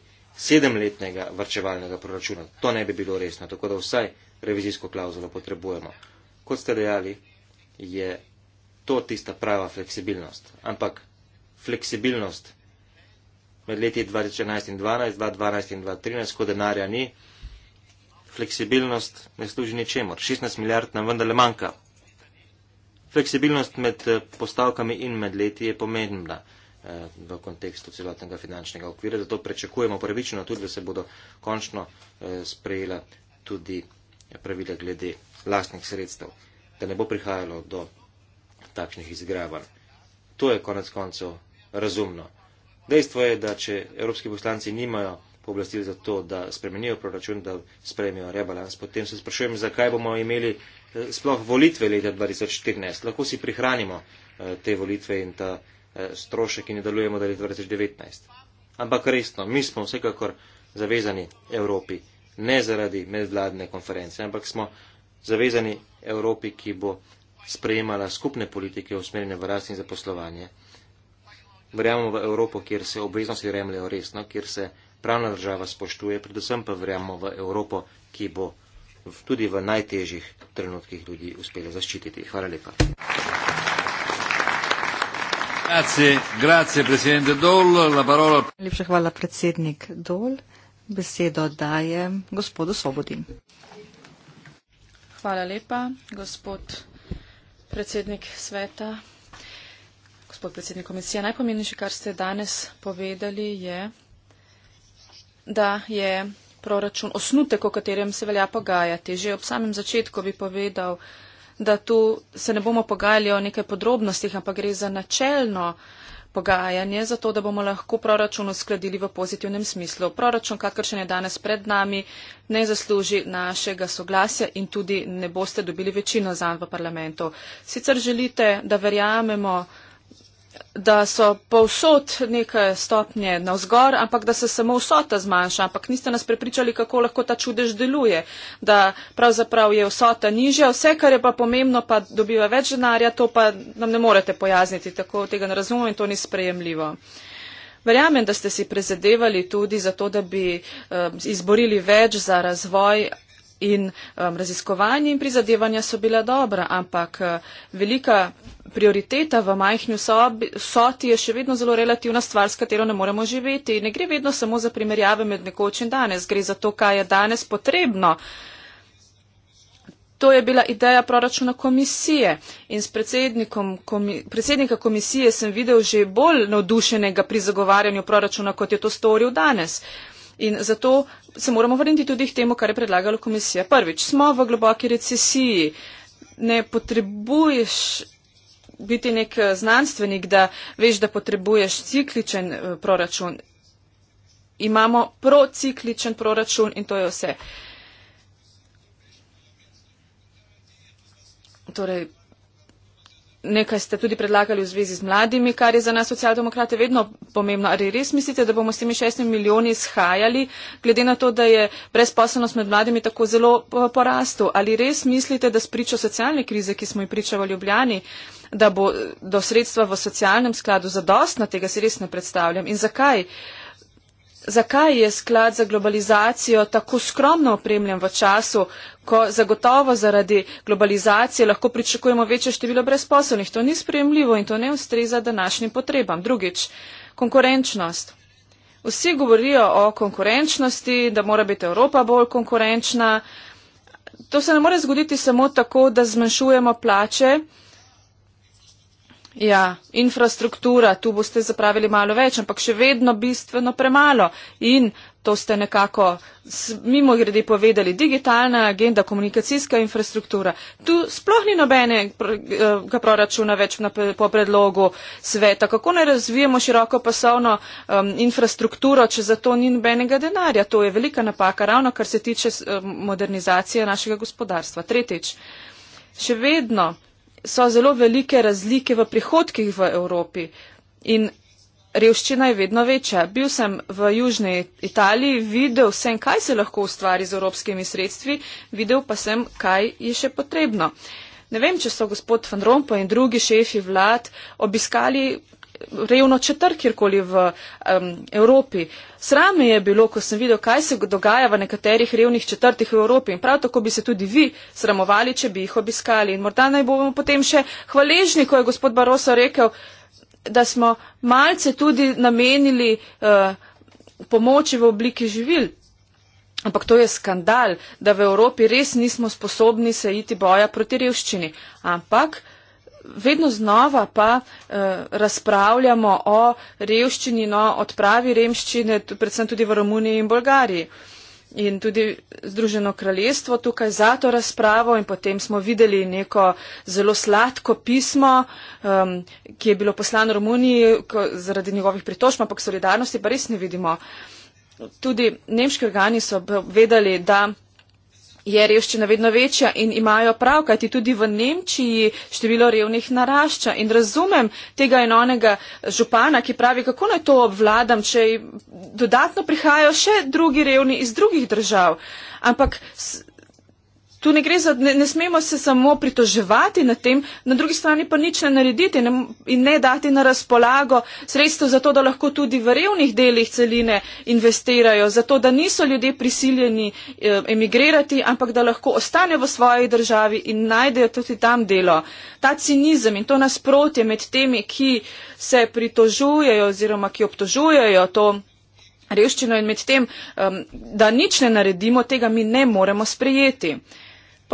sedemletnega vrčevalnega proračuna. To ne bi bilo resno, tako da vsaj revizijsko klauzulo potrebujemo. Kot ste dejali, je to tista prava fleksibilnost. Ampak fleksibilnost med leti 2011 in 2012, 2012 in 2013, ko denarja ni, fleksibilnost ne služi ničemor. 16 milijard nam vendarle manjka. Fleksibilnost med eh, postavkami in med leti je pomembna eh, v kontekstu celotnega finančnega okvira, zato prečakujemo pravično tudi, da se bodo končno eh, sprejela tudi pravila glede lastnih sredstev da ne bo prihajalo do takšnih izigravanj. To je konec koncev razumno. Dejstvo je, da če evropski poslanci nimajo pooblastil za to, da spremenijo proračun, da spremijo rebalans, potem se sprašujem, zakaj bomo imeli eh, sploh volitve leta 2014. Lahko si prihranimo eh, te volitve in ta eh, strošek in nadaljujemo do leta 2019. Ampak resno, mi smo vsekakor zavezani Evropi, ne zaradi medvladne konference, ampak smo zavezani Evropi, ki bo sprejemala skupne politike usmerjene v rast in zaposlovanje. Verjamemo v Evropo, kjer se obveznosti remljajo resno, kjer se pravna država spoštuje, predvsem pa verjamemo v Evropo, ki bo tudi v najtežjih trenutkih ljudi uspela zaščititi. Hvala lepa. Grazie, grazie, predsednik Dol. Parola... Lepša hvala, predsednik Dol. Besedo dajem gospodu Svobodin. Hvala lepa, gospod predsednik sveta, gospod predsednik komisije. Najpomembnejše, kar ste danes povedali, je, da je proračun osnutek, o katerem se velja pogajati. Že ob samem začetku bi povedal, da tu se ne bomo pogajali o nekaj podrobnostih, ampak gre za načelno uh, pogajanje, zato da bomo lahko proračun uskladili v pozitivnem smislu. Proračun, kakršen je danes pred nami, ne zasluži našega soglasja in tudi ne boste dobili večino zanj v parlamentu. Sicer želite, da verjamemo, da so povsod neke stopnje na vzgor, ampak da se samo vsota zmanjša, ampak niste nas prepričali, kako lahko ta čudež deluje, da pravzaprav je vsota nižja, vse, kar je pa pomembno, pa dobiva več denarja, to pa nam ne morete pojasniti, tako tega ne razumem in to ni sprejemljivo. Verjamem, da ste si prezadevali tudi za to, da bi um, izborili več za razvoj in um, raziskovanje in prizadevanja so bile dobra, ampak uh, velika prioriteta v majhni soti je še vedno zelo relativna stvar, s katero ne moremo živeti. Ne gre vedno samo za primerjave med nekoč in danes, gre za to, kaj je danes potrebno. To je bila ideja proračuna komisije in s predsednikom, komi, predsednika komisije sem videl že bolj navdušenega pri zagovarjanju proračuna, kot je to storil danes. In zato se moramo vrniti tudi k temu, kar je predlagala komisija. Prvič, smo v globoki recesiji. Ne potrebuješ biti nek eh, znanstvenik, da veš, da potrebuješ cikličen eh, proračun. Imamo procikličen proračun in to je vse. Torej, nekaj ste tudi predlagali v zvezi z mladimi, kar je za nas socialdemokrate vedno pomembno. Ali res mislite, da bomo s temi šestimi milijoni izhajali, glede na to, da je brezposobnost med mladimi tako zelo porastu? Ali res mislite, da spričo socialne krize, ki smo jih pričali v Ljubljani, da bo do sredstva v socialnem skladu zadostno, tega si res ne predstavljam. In zakaj? Zakaj je sklad za globalizacijo tako skromno opremljen v času, ko zagotovo zaradi globalizacije lahko pričakujemo večje število brezposobnih? To ni sprejemljivo in to ne ustreza današnjim potrebam. Drugič, konkurenčnost. Vsi govorijo o konkurenčnosti, da mora biti Evropa bolj konkurenčna. To se ne more zgoditi samo tako, da zmanjšujemo plače Ja, infrastruktura, tu boste zapravili malo več, ampak še vedno bistveno premalo. In to ste nekako mimo grede povedali, digitalna agenda, komunikacijska infrastruktura. Tu sploh ni nobene eh, ga proračuna več na, po predlogu sveta. Kako ne razvijemo široko pasovno um, infrastrukturo, če za to ni nobenega denarja? To je velika napaka, ravno kar se tiče eh, modernizacije našega gospodarstva. Tretjič, še vedno so zelo velike razlike v prihodkih v Evropi in revščina je vedno večja. Bil sem v Južni Italiji, videl sem, kaj se lahko ustvari z evropskimi sredstvi, videl pa sem, kaj je še potrebno. Ne vem, če so gospod Van Rompuy in drugi šefi vlad obiskali revno četrt kjerkoli v um, Evropi. Srame je bilo, ko sem videl, kaj se dogaja v nekaterih revnih četrtih v Evropi in prav tako bi se tudi vi sramovali, če bi jih obiskali. In morda naj bomo potem še hvaležni, ko je gospod Baroso rekel, da smo malce tudi namenili uh, pomoči v obliki živil. Ampak to je skandal, da v Evropi res nismo sposobni se iti boja proti revščini. Ampak vedno znova pa eh, razpravljamo o revščini, no, odpravi revščine, predvsem tudi v Romuniji in Bolgariji. In tudi Združeno kraljestvo tukaj za to razpravo in potem smo videli neko zelo sladko pismo, um, ki je bilo poslano Romuniji ko, zaradi njegovih pritožb, ampak solidarnosti pa res ne vidimo. Tudi nemški organi so vedeli, da je revščina vedno večja in imajo prav, kajti tudi v Nemčiji število revnih narašča. In razumem tega enonega župana, ki pravi, kako naj to obvladam, če dodatno prihajajo še drugi revni iz drugih držav. Ampak tu ne gre za, ne, ne smemo se samo pritoževati na tem, na drugi strani pa nič ne narediti ne, in ne dati na razpolago sredstev za to, da lahko tudi v revnih delih celine investirajo, za to, da niso ljudje prisiljeni eh, emigrirati, ampak da lahko ostane v svoji državi in najdejo tudi tam delo. Ta cinizem in to nasprotje med temi, ki se pritožujejo oziroma ki obtožujejo to revščino in med tem, ehm, da nič ne naredimo, tega mi ne moremo sprejeti.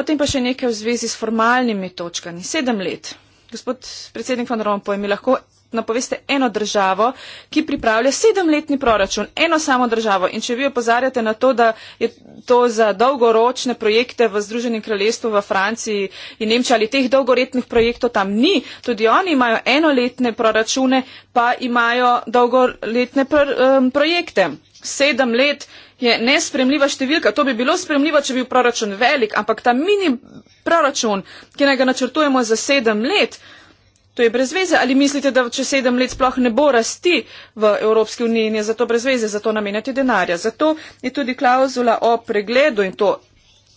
Potem pa še nekaj v zvezi s formalnimi točkami. Sedem let. Gospod predsednik Van Rompuy, mi lahko napoveste eno državo, ki pripravlja sedemletni proračun, eno samo državo. In če vi opozarjate na to, da je to za dolgoročne projekte v Združenem kraljestvu, v Franciji in Nemčiji ali teh dolgoretnih projektov tam ni, tudi oni imajo enoletne proračune, pa imajo dolgoletne pr, um, projekte. Sedem let je nespremljiva številka. To bi bilo spremljivo, če bi bil proračun velik, ampak ta mini proračun, ki naj ga načrtujemo za sedem let, to je brez veze. Ali mislite, da če sedem let sploh ne bo rasti v Evropski uniji in je zato brez veze, zato namenjate denarja? Zato je tudi klauzula o pregledu in to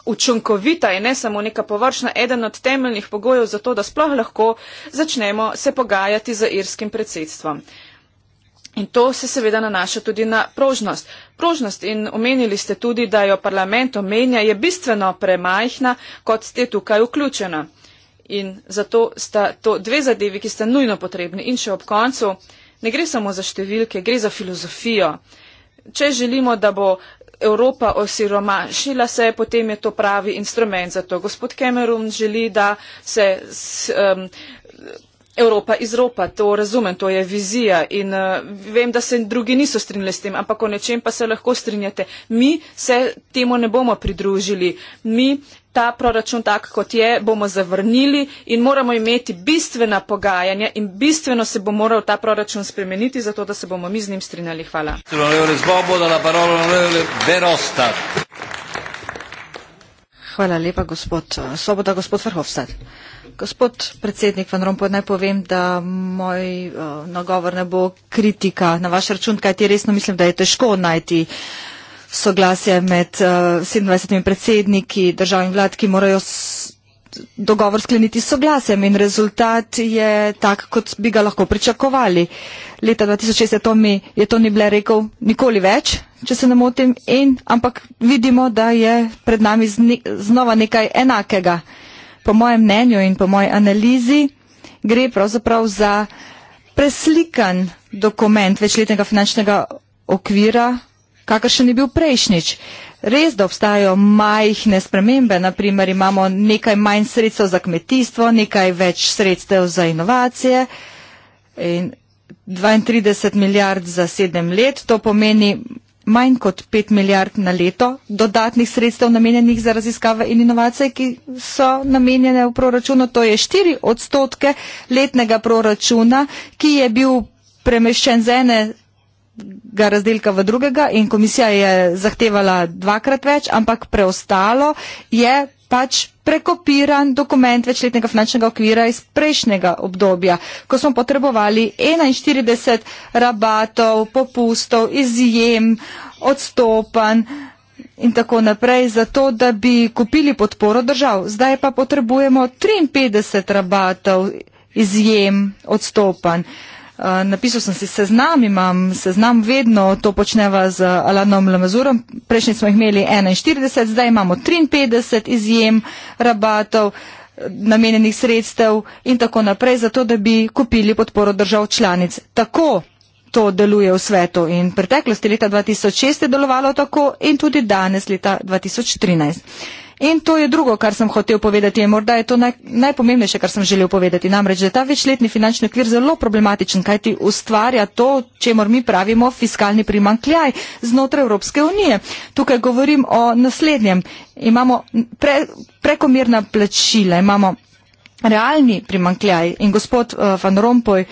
učinkovita je ne samo neka površna, eden od temeljnih pogojev za to, da sploh lahko začnemo se pogajati za irskim predsedstvom. In to se seveda nanaša tudi na prožnost. Prožnost in omenili ste tudi, da jo parlament omenja, je bistveno premajhna, kot ste tukaj vključena. In zato sta to dve zadevi, ki sta nujno potrebni. In še ob koncu, ne gre samo za številke, gre za filozofijo. Če želimo, da bo Evropa osiromašila se, potem je to pravi instrument za to. Gospod Cameron želi, da se. S, um, Evropa izropa, to razumem, to je vizija in uh, vem, da se drugi niso strinjali s tem, ampak o nečem pa se lahko strinjate. Mi se temu ne bomo pridružili. Mi ta proračun tak, kot je, bomo zavrnili in moramo imeti bistvena pogajanja in bistveno se bo moral ta proračun spremeniti, zato da se bomo mi z njim strinjali. Hvala. Hvala lepa, gospod eh, Soboda, gospod Vrhovstad. Gospod predsednik, Van Rompuy, naj povem, da moj uh, nagovor ne bo kritika na vaš račun, kaj ti resno mislim, da je težko najti soglasje med uh, eh, 27 predsedniki državnih vlad, ki morajo dogovor skleniti s soglasjem in rezultat je tak, kot bi ga lahko pričakovali. Leta 2006 je to, mi, je to ni bile rekel nikoli več, če se ne motim, in, ampak vidimo, da je pred nami zni, znova nekaj enakega. Uh, po mojem mnenju in po moji analizi gre pravzaprav za preslikan dokument večletnega finančnega okvira, kakršen je bil prejšnjič. Res, da obstajajo majhne spremembe, naprimer imamo nekaj manj sredstev za kmetijstvo, nekaj več sredstev za inovacije in 32 milijard za sedem let, to pomeni manj kot 5 milijard na leto dodatnih sredstev namenjenih za raziskave in inovacije, ki so namenjene v proračunu. To je 4 odstotke letnega proračuna, ki je bil premeščen z ene ga razdelka v drugega in komisija je zahtevala dvakrat več, ampak preostalo je pač prekopiran dokument večletnega finančnega okvira iz prejšnjega obdobja, ko smo potrebovali 41 rabatov, popustov, izjem, odstopanj in tako naprej, zato da bi kupili podporo držav. Zdaj pa potrebujemo 53 rabatov, izjem, odstopanj. Eh, napisal sem si seznam, imam seznam vedno, to počneva z Alanom Lamazurom. Prejšnji smo imeli 41, zdaj imamo 53 izjem rabatov namenjenih sredstev in tako naprej, zato da bi kupili podporo držav članic. Tako to deluje v svetu in preteklosti leta 2006 je delovalo tako in tudi danes leta 2013. In to je drugo, kar sem hotel povedati. Je morda je to naj, najpomembnejše, kar sem želel povedati. Namreč, da je ta večletni finančni okvir zelo problematičen, kajti ustvarja to, če mor mi pravimo, fiskalni primankljaj znotraj Evropske unije. Tukaj govorim o naslednjem. Imamo pre, prekomirna plačila, imamo realni primankljaj in gospod uh, Van Rompuy.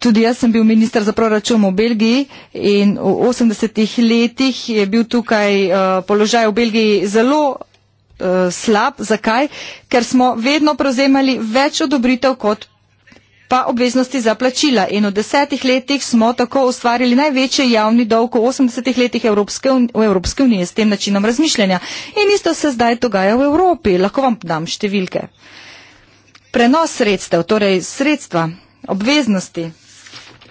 Tudi jaz sem bil ministr za proračun v Belgiji in v 80-ih letih je bil tukaj uh, položaj v Belgiji zelo uh, slab. Zakaj? Ker smo vedno prevzemali več odobritev kot pa obveznosti za plačila. In v desetih letih smo tako ustvarili največji javni dolg v 80 letih Evropske, v Evropske unije s tem načinom razmišljanja. In isto se zdaj dogaja v Evropi. Lahko vam dam številke. Prenos sredstev, torej sredstva, obveznosti,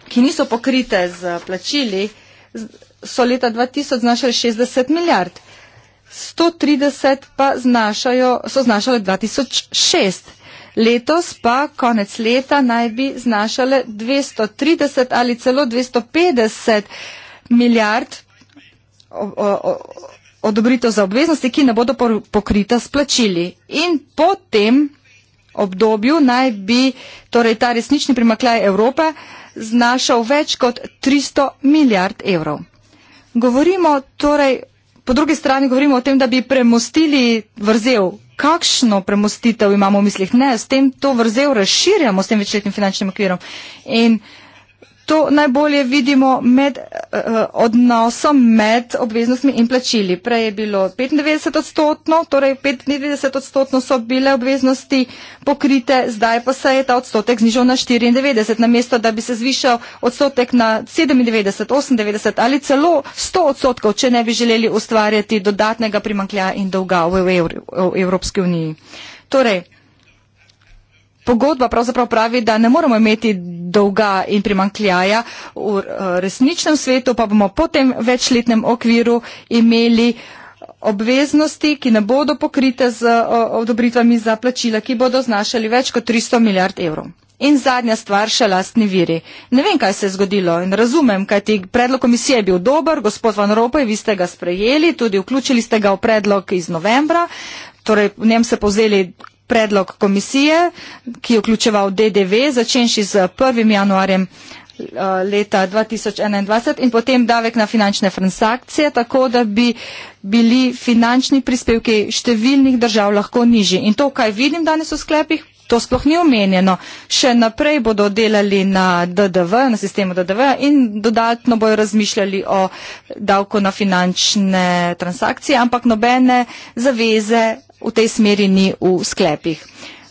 ki niso pokrite z plačili, so leta 2000 znašali 60 milijard. 130 pa znašajo, so znašale 2006. Letos pa konec leta naj bi znašale 230 ali celo 250 milijard odobritev za obveznosti, ki ne bodo pokrita s plačili. In potem obdobju naj bi torej ta resnični primaklaj Evrope znašal več kot 300 milijard evrov. Govorimo torej po drugi strani govorimo o tem, da bi premostili vrzel. Kakšno premostitev imamo v mislih? Ne, s tem to vrzel razširjamo s tem večletnim finančnim okvirom. In To najbolje vidimo med eh, odnosom med obveznostmi in plačili. Prej je bilo 95 odstotno, torej 95 odstotno so bile obveznosti pokrite, zdaj pa se je ta odstotek znižal na 94, namesto da bi se zvišal odstotek na 97, 98 ali celo 100 odstotkov, če ne bi želeli ustvarjati dodatnega primankljaja in dolga v, Evri, v Evropski uniji. Torej, pogodba pravzaprav pravi, da ne moramo imeti dolga in primankljaja. V eh, resničnem svetu pa bomo po tem večletnem okviru imeli eh, obveznosti, ki ne bodo pokrite z eh, odobritvami za plačila, ki bodo znašali več kot 300 milijard evrov. In zadnja stvar še lastni viri. Ne vem, kaj se je zgodilo in razumem, kaj ti predlog komisije je bil dober, gospod Van Ropaj, vi ste ga sprejeli, tudi vključili ste ga v predlog iz novembra, torej v njem se povzeli predlog komisije, ki je vključeval DDV, začenši z 1. januarjem eh, leta 2021 in potem davek na finančne transakcije, tako da bi bili finančni prispevki številnih držav lahko nižji. In to, kaj vidim danes v sklepih, to sploh ni omenjeno. Še naprej bodo delali na DDV, na sistemu DDV in dodatno bojo razmišljali o davku na finančne transakcije, ampak nobene zaveze v tej smeri ni v sklepih.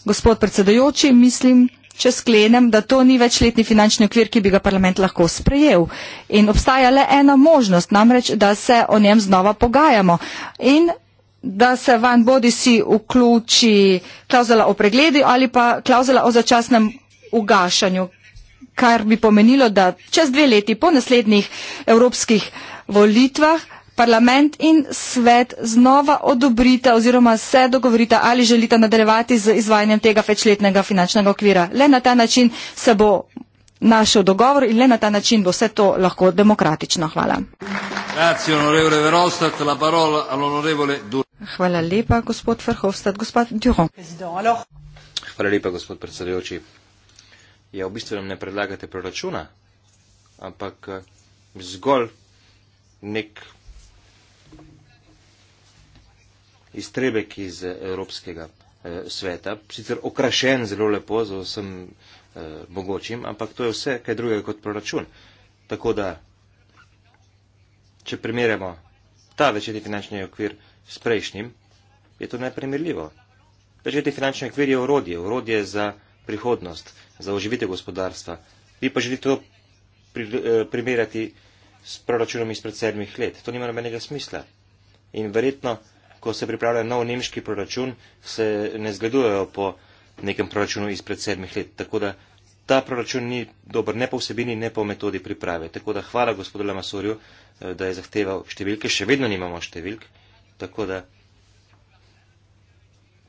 Gospod predsedojoči, mislim, če sklenem, da to ni večletni finančni okvir, ki bi ga parlament lahko sprejel. In obstaja le ena možnost, namreč, da se o njem znova pogajamo. In da se van bodi si vključi klauzula o pregledu ali pa klauzula o začasnem ugašanju, kar bi pomenilo, da čez dve leti po naslednjih evropskih volitvah parlament in svet znova odobrita oziroma se dogovorita, ali želita nadaljevati z izvajanjem tega večletnega finančnega okvira. Le na ta način se bo našel dogovor in le na ta način bo vse to lahko demokratično. Hvala. Hvala lepa, gospod Verhofstadt. Gospod Duro. Hvala lepa, gospod predsedujoči. Ja, v bistvu nam ne predlagate proračuna, ampak eh, zgolj nek iztrebek iz eh, Evropskega eh, sveta, sicer okrašen zelo lepo za vsem eh, mogočim, ampak to je vse kaj drugega kot proračun. Tako da, če primerjamo ta večetni finančni okvir s prejšnjim, je to neprimerljivo. Večetni finančni okvir je urodje, urodje za prihodnost, za oživitev gospodarstva. Vi pa želite to pri, primerjati s proračunom izpred sedmih let. To nima nobenega smisla. In verjetno, ko se pripravlja nov nemški proračun, se ne zgledujejo po nekem proračunu izpred sedmih let. Tako da ta proračun ni dober ne po vsebini, ne po metodi priprave. Tako da hvala gospodu Lamasorju, eh, da je zahteval številke. Še vedno nimamo številk. Tako da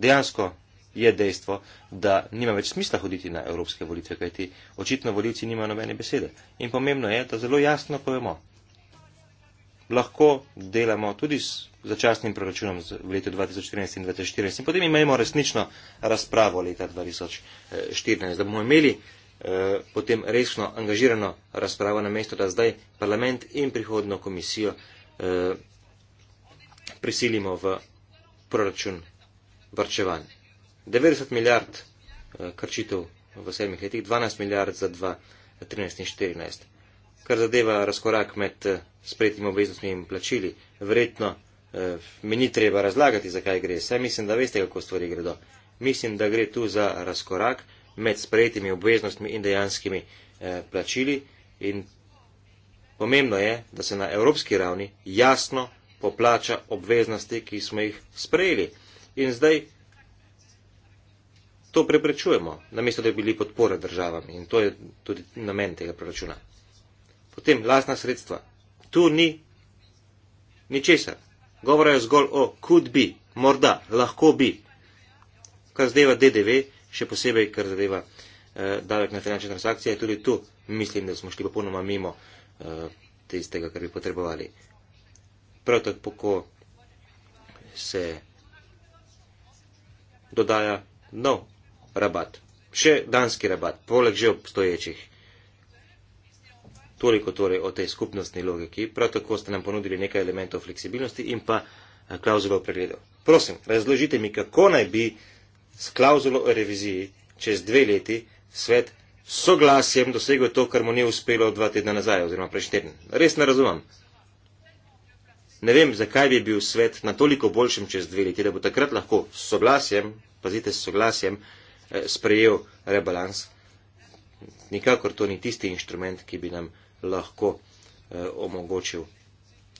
dejansko je dejstvo, da nima več smisla hoditi na evropske volitve, kajti očitno volivci nima nobene besede. In pomembno je, da zelo jasno povemo lahko delamo tudi s začasnim proračunom v letu 2014 in 2014. In potem imamo resnično razpravo leta 2014, da bomo imeli eh, potem resno angažirano razpravo na mesto, da zdaj parlament in prihodno komisijo eh, prisilimo v proračun vrčevanj. 90 milijard eh, krčitev v sedmih letih, 12 milijard za 2013 in 2014. Kar zadeva razkorak med. Eh, s prejetimi obveznostmi in plačili. Verjetno eh, mi ni treba razlagati, zakaj gre. Saj mislim, da veste, kako stvari gredo. Mislim, da gre tu za razkorak med sprejetimi obveznostmi in dejanskimi eh, plačili. In pomembno je, da se na evropski ravni jasno poplača obveznosti, ki smo jih sprejeli. In zdaj to preprečujemo, namesto da bi bili podpora državam. In to je tudi namen tega proračuna. Potem lasna sredstva tu ni ničesar. Govorijo zgolj o could be, morda, lahko bi. Kar zadeva DDV, še posebej, kar zadeva eh, davek na finančne transakcije, tudi tu mislim, da smo šli popolnoma mimo eh, tistega, kar bi potrebovali. Prav tako se dodaja nov rabat, še danski rabat, poleg že obstoječih. Toliko torej o tej skupnostni logiki. Prav tako ste nam ponudili nekaj elementov fleksibilnosti in pa eh, klauzulo o pregledu. Prosim, razložite mi, kako naj bi s klauzulo o reviziji čez dve leti svet soglasjem dosegel to, kar mu ni uspelo dva tedna nazaj oziroma prejšnji teden. Res ne razumem. Ne vem, zakaj bi bil svet na toliko boljšem čez dve leti, da bo takrat lahko s soglasjem, pazite s soglasjem, eh, sprejel rebalans. Nikakor to ni tisti inštrument, ki bi nam lahko eh, omogočil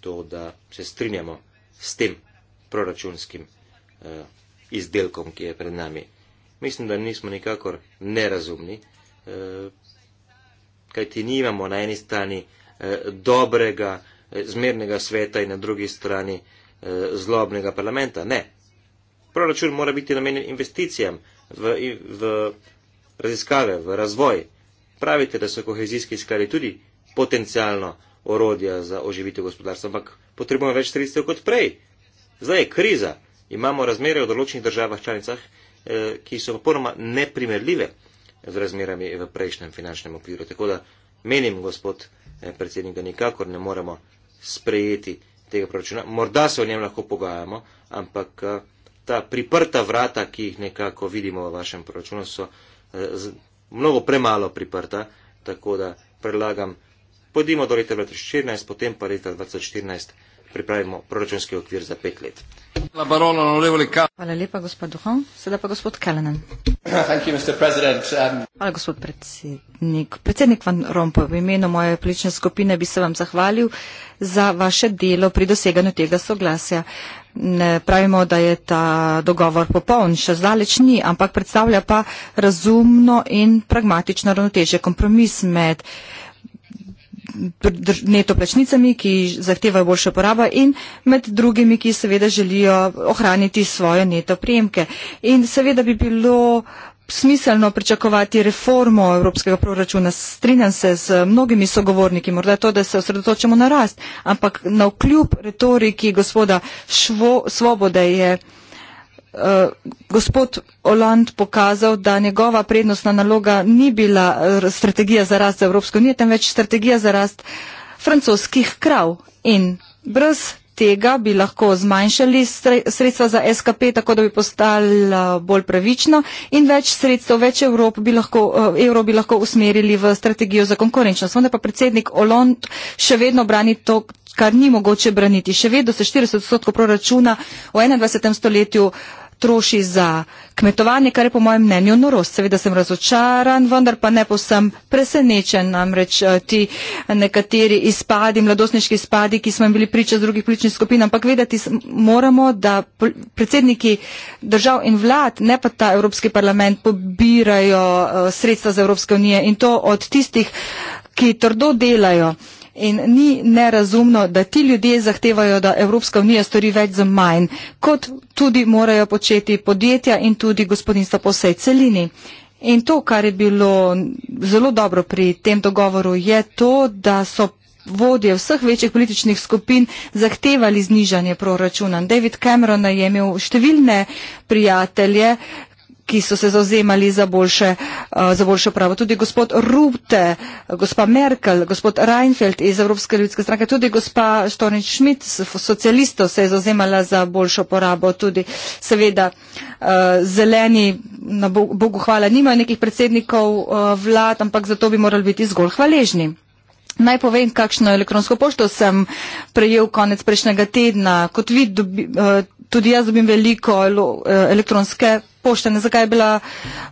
to, da se strinjamo s tem proračunskim eh, izdelkom, ki je pred nami. Mislim, da nismo nikakor nerazumni, eh, kajti nimamo na eni strani eh, dobrega, eh, zmernega sveta in na drugi strani eh, zlobnega parlamenta. Ne. Proračun mora biti namenjen investicijam v, v raziskave, v razvoj. Pravite, da so kohezijski skali tudi potencijalno orodje za oživitev gospodarstva, ampak potrebujemo več sredstev kot prej. Zdaj je kriza, imamo razmere v določenih državah članicah, eh, ki so popolnoma neprimerljive z razmerami v prejšnjem finančnem okviru. Tako da menim, gospod eh, predsednik, da nikakor ne moremo sprejeti tega proračuna. Morda se o njem lahko pogajamo, ampak eh, ta priprta vrata, ki jih nekako vidimo v vašem proračunu, so mnogo premalo priprta, tako da predlagam, Pojdimo do leta 2014, potem pa leta 2014 pripravimo proračunski okvir za pet let. Hvala lepa, gospod Duhom. Sedaj pa gospod Kalenen. Um, Hvala, gospod predsednik. Predsednik Van Rompuy, v imenu moje politične skupine bi se vam zahvalil za vaše delo pri doseganju tega soglasja. Ne pravimo, da je ta dogovor popoln, še zdaleč ni, ampak predstavlja pa razumno in pragmatično ravnoteže, kompromis med neto plačnicami, ki zahtevajo boljšo porabo in med drugimi, ki seveda želijo ohraniti svoje neto prijemke. In seveda bi bilo smiselno pričakovati reformo evropskega proračuna. Strinjam se z mnogimi sogovorniki, morda to, da se osredotočamo na rast, ampak na vkljub retoriki gospoda Švo, Svobode je. Eh, gospod Oland pokazal, da njegova prednostna naloga ni bila eh, strategija za rast za Evropsko unijo, temveč strategija za rast francoskih krav. In brez tega bi lahko zmanjšali sredstva za SKP, tako da bi postala bolj pravična in več sredstev, več bi lahko, eh, evrov bi lahko usmerili v strategijo za konkurenčnost. Vendar pa predsednik Olond še vedno brani to, kar ni mogoče braniti. Še vedno se 40 odstotkov proračuna v 21. stoletju troši za kmetovanje, kar je po mojem mnenju norost. Seveda sem razočaran, vendar pa ne posem presenečen. Namreč eh, ti nekateri izpadi, mladostniški izpadi, ki smo jim bili priča z drugih političnih skupin, ampak vedeti moramo, da predsedniki držav in vlad, ne pa ta Evropski parlament, pobirajo eh, sredstva za Evropske unije in to od tistih, ki trdo delajo. In ni nerazumno, da ti ljudje zahtevajo, da Evropska unija stori več za manj, kot tudi morajo početi podjetja in tudi gospodinstva po vsej celini. In to, kar je bilo zelo dobro pri tem dogovoru, je to, da so vodje vseh večjih političnih skupin zahtevali znižanje proračuna. David Cameron je imel številne prijatelje, ki so se zauzemali za boljše, eh, za boljše pravo. Tudi gospod Rupte, gospa Merkel, gospod Reinfeldt iz Evropske ljudske stranke, tudi gospa Štornič Schmidt, socialistov, se je zauzemala za boljšo porabo. Tudi seveda eh, zeleni, na Bogu hvala, nimajo nekih predsednikov eh, vlad, ampak zato bi morali biti zgolj hvaležni. Naj povem, kakšno elektronsko pošto sem prejel konec prejšnjega tedna. Kot vid, dobi, tudi jaz dobim veliko elektronske pošta, ne zakaj je bila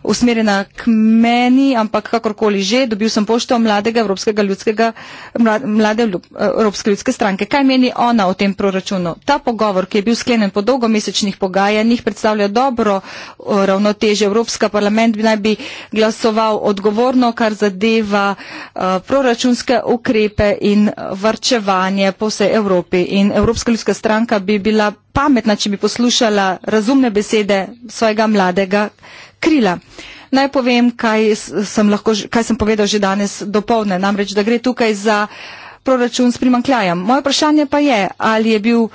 usmerjena k meni, ampak kakorkoli že, dobil sem pošto mladega Evropskega ljudskega, mlade Evropske ljudske stranke. Kaj meni ona o tem proračunu? Ta pogovor, ki je bil sklenen po dolgomesečnih pogajanjih, predstavlja dobro ravnoteže. Evropska parlament bi naj bi glasoval odgovorno, kar zadeva proračunske ukrepe in vrčevanje po vsej Evropi. In Evropska ljudska stranka bi bila pametna, če bi poslušala razumne besede svojega mladega krila. Naj povem, kaj sem, lahko, kaj sem povedal že danes dopolne, namreč, da gre tukaj za proračun s primankljajem. Moje vprašanje pa je, ali je bil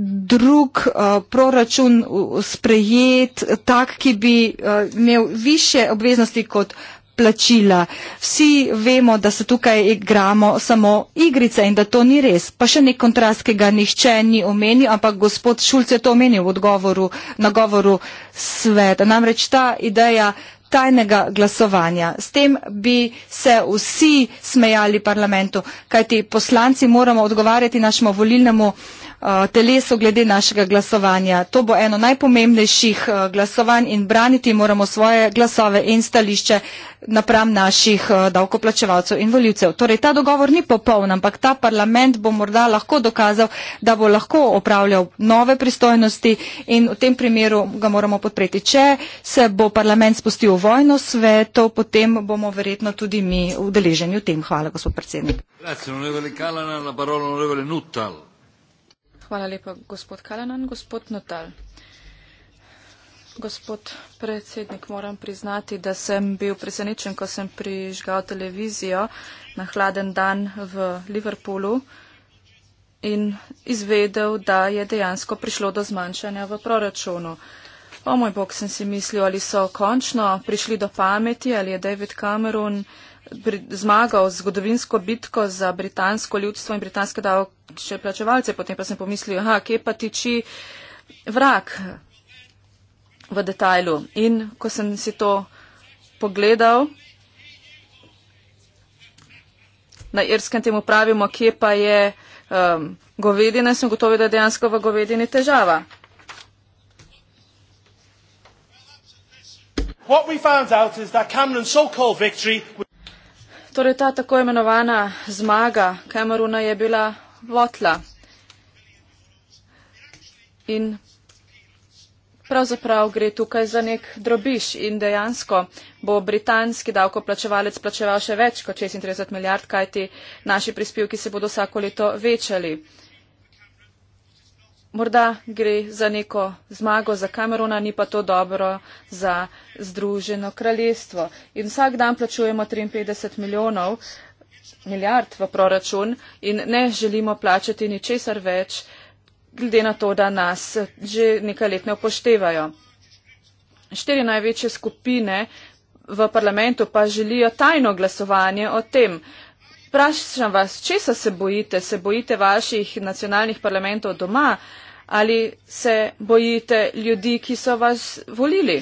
drug uh, proračun sprejet tak, ki bi uh, imel više obveznosti kot plačila. Vsi vemo, da se tukaj igramo samo igrice in da to ni res. Pa še nek kontrast, ki ga nihče ni omenil, ampak gospod Šulc je to omenil v odgovoru na govoru sveta. Namreč ta ideja tajnega glasovanja. S tem bi se vsi smejali parlamentu, kajti poslanci moramo odgovarjati našemu volilnemu uh, Eh, telesu glede našega glasovanja. To bo eno najpomembnejših eh, glasovanj in braniti moramo svoje glasove in stališče napram naših eh, davkoplačevalcev in voljivcev. Torej, ta dogovor ni popoln, ampak ta parlament bo morda lahko dokazal, da bo lahko opravljal nove pristojnosti in v tem primeru ga moramo podpreti. Če se bo parlament spustil v vojno sveto, potem bomo verjetno tudi mi udeleženi v tem. Hvala, gospod predsednik. Grazie, Hvala lepa, gospod Kalanan. Gospod Notal. Gospod predsednik, moram priznati, da sem bil presenečen, ko sem prižgal televizijo na hladen dan v Liverpoolu in izvedel, da je dejansko prišlo do zmanjšanja v proračunu. O moj bog, sem si mislil, ali so končno prišli do pameti, ali je David Cameron zmagal z zgodovinsko bitko za britansko ljudstvo in britanske davče plačevalce. Potem pa sem pomislil, aha, kje pa tiči vrak v detajlu. In ko sem si to pogledal, na irskem temu pravimo, kje pa je um, govedina, sem gotovil, da je dejansko v govedini težava. What we found out is that Cameron's so-called victory... Was torej ta tako imenovana zmaga Kameruna je bila votla. In pravzaprav gre tukaj za nek drobiš in dejansko bo britanski davkoplačevalec plačeval še več kot 36 milijard, kajti naši prispevki se bodo vsako leto večali morda gre za neko zmago za Kamerona, ni pa to dobro za Združeno kraljestvo. In vsak dan plačujemo 53 milijonov milijard v proračun in ne želimo plačati ničesar več, glede na to, da nas že nekaj let ne upoštevajo. Štiri največje skupine v parlamentu pa želijo tajno glasovanje o tem, Vprašam vas, česa se bojite? Se bojite vaših nacionalnih parlamentov doma ali se bojite ljudi, ki so vas volili?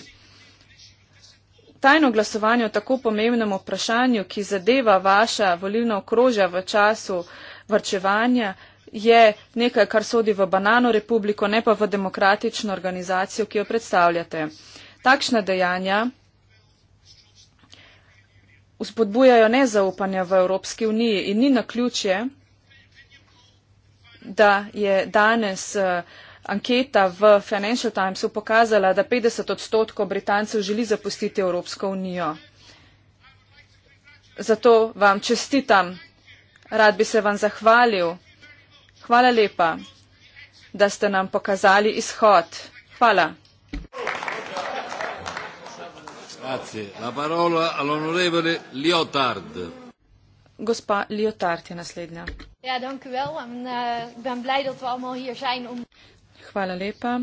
Tajno glasovanje o tako pomembnem vprašanju, ki zadeva vaša volilna okrožja v času vrčevanja, je nekaj, kar sodi v banano republiko, ne pa v demokratično organizacijo, ki jo predstavljate. Takšna dejanja vzpodbujajo nezaupanja v Evropski uniji in ni na ključje, da je danes eh, anketa v Financial Timesu pokazala, da 50 odstotkov Britancev želi zapustiti Evropsko unijo. Zato vam čestitam, rad bi se vam zahvalil. Hvala lepa, da ste nam pokazali izhod. Hvala. Grazie. La parola all'onorevole Lyotard. Gospa Lyotard je naslednja. Ja, dank u wel. En, uh, ben blij dat we allemaal hier zijn om... Hvala lepa.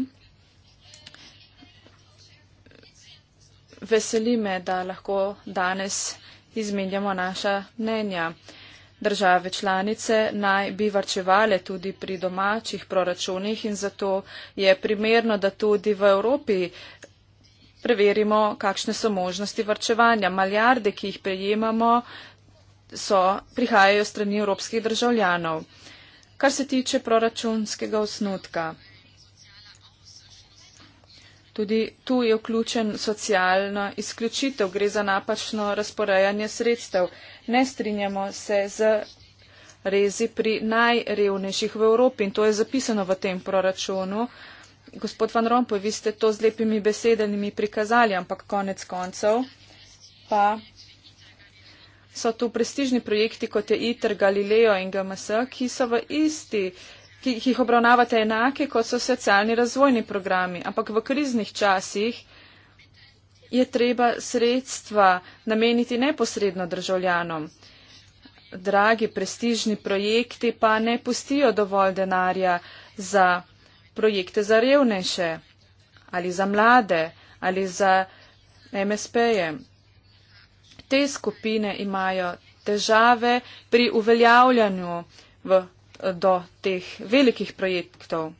Veseli me, da lahko danes izmenjamo naša mnenja. Države članice naj bi varčevale tudi pri domačih proračunih in zato je primerno, da tudi v Evropi preverimo, kakšne so možnosti varčevanja. Maljarde, ki jih prejemamo, so, prihajajo strani evropskih državljanov. Kar se tiče proračunskega osnutka, tudi tu je vključen socialno izključitev, gre za napačno razporejanje sredstev. Ne strinjamo se z rezi pri najrevnejših v Evropi in to je zapisano v tem proračunu, gospod Van Rompuy, vi ste to z lepimi besedami prikazali, ampak konec koncev pa so tu prestižni projekti, kot je ITER, Galileo in GMS, ki so v isti, ki, ki jih obravnavate enake, kot so socialni razvojni programi. Ampak v kriznih časih je treba sredstva nameniti neposredno državljanom. Dragi prestižni projekti pa ne pustijo dovolj denarja za projekte za revnejše ali za mlade ali za MSP-je. Te skupine imajo težave pri uveljavljanju v, do teh velikih projektov.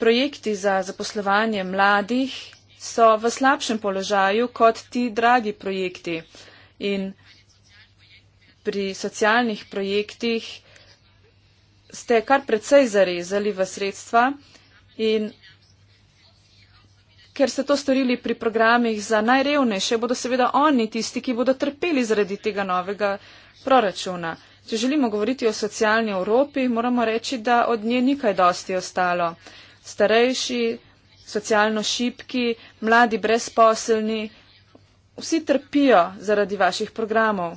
Projekti za zaposlovanje mladih so v slabšem položaju kot ti dragi projekti. In pri socialnih projektih ste kar precej zarezali v sredstva in ker ste to storili pri programih za najrevnejše, bodo seveda oni tisti, ki bodo trpeli zaradi tega novega proračuna. Če želimo govoriti o socialni Evropi, moramo reči, da od nje nikaj dosti ostalo. Starejši, socialno šipki, mladi brezposelni, vsi trpijo zaradi vaših programov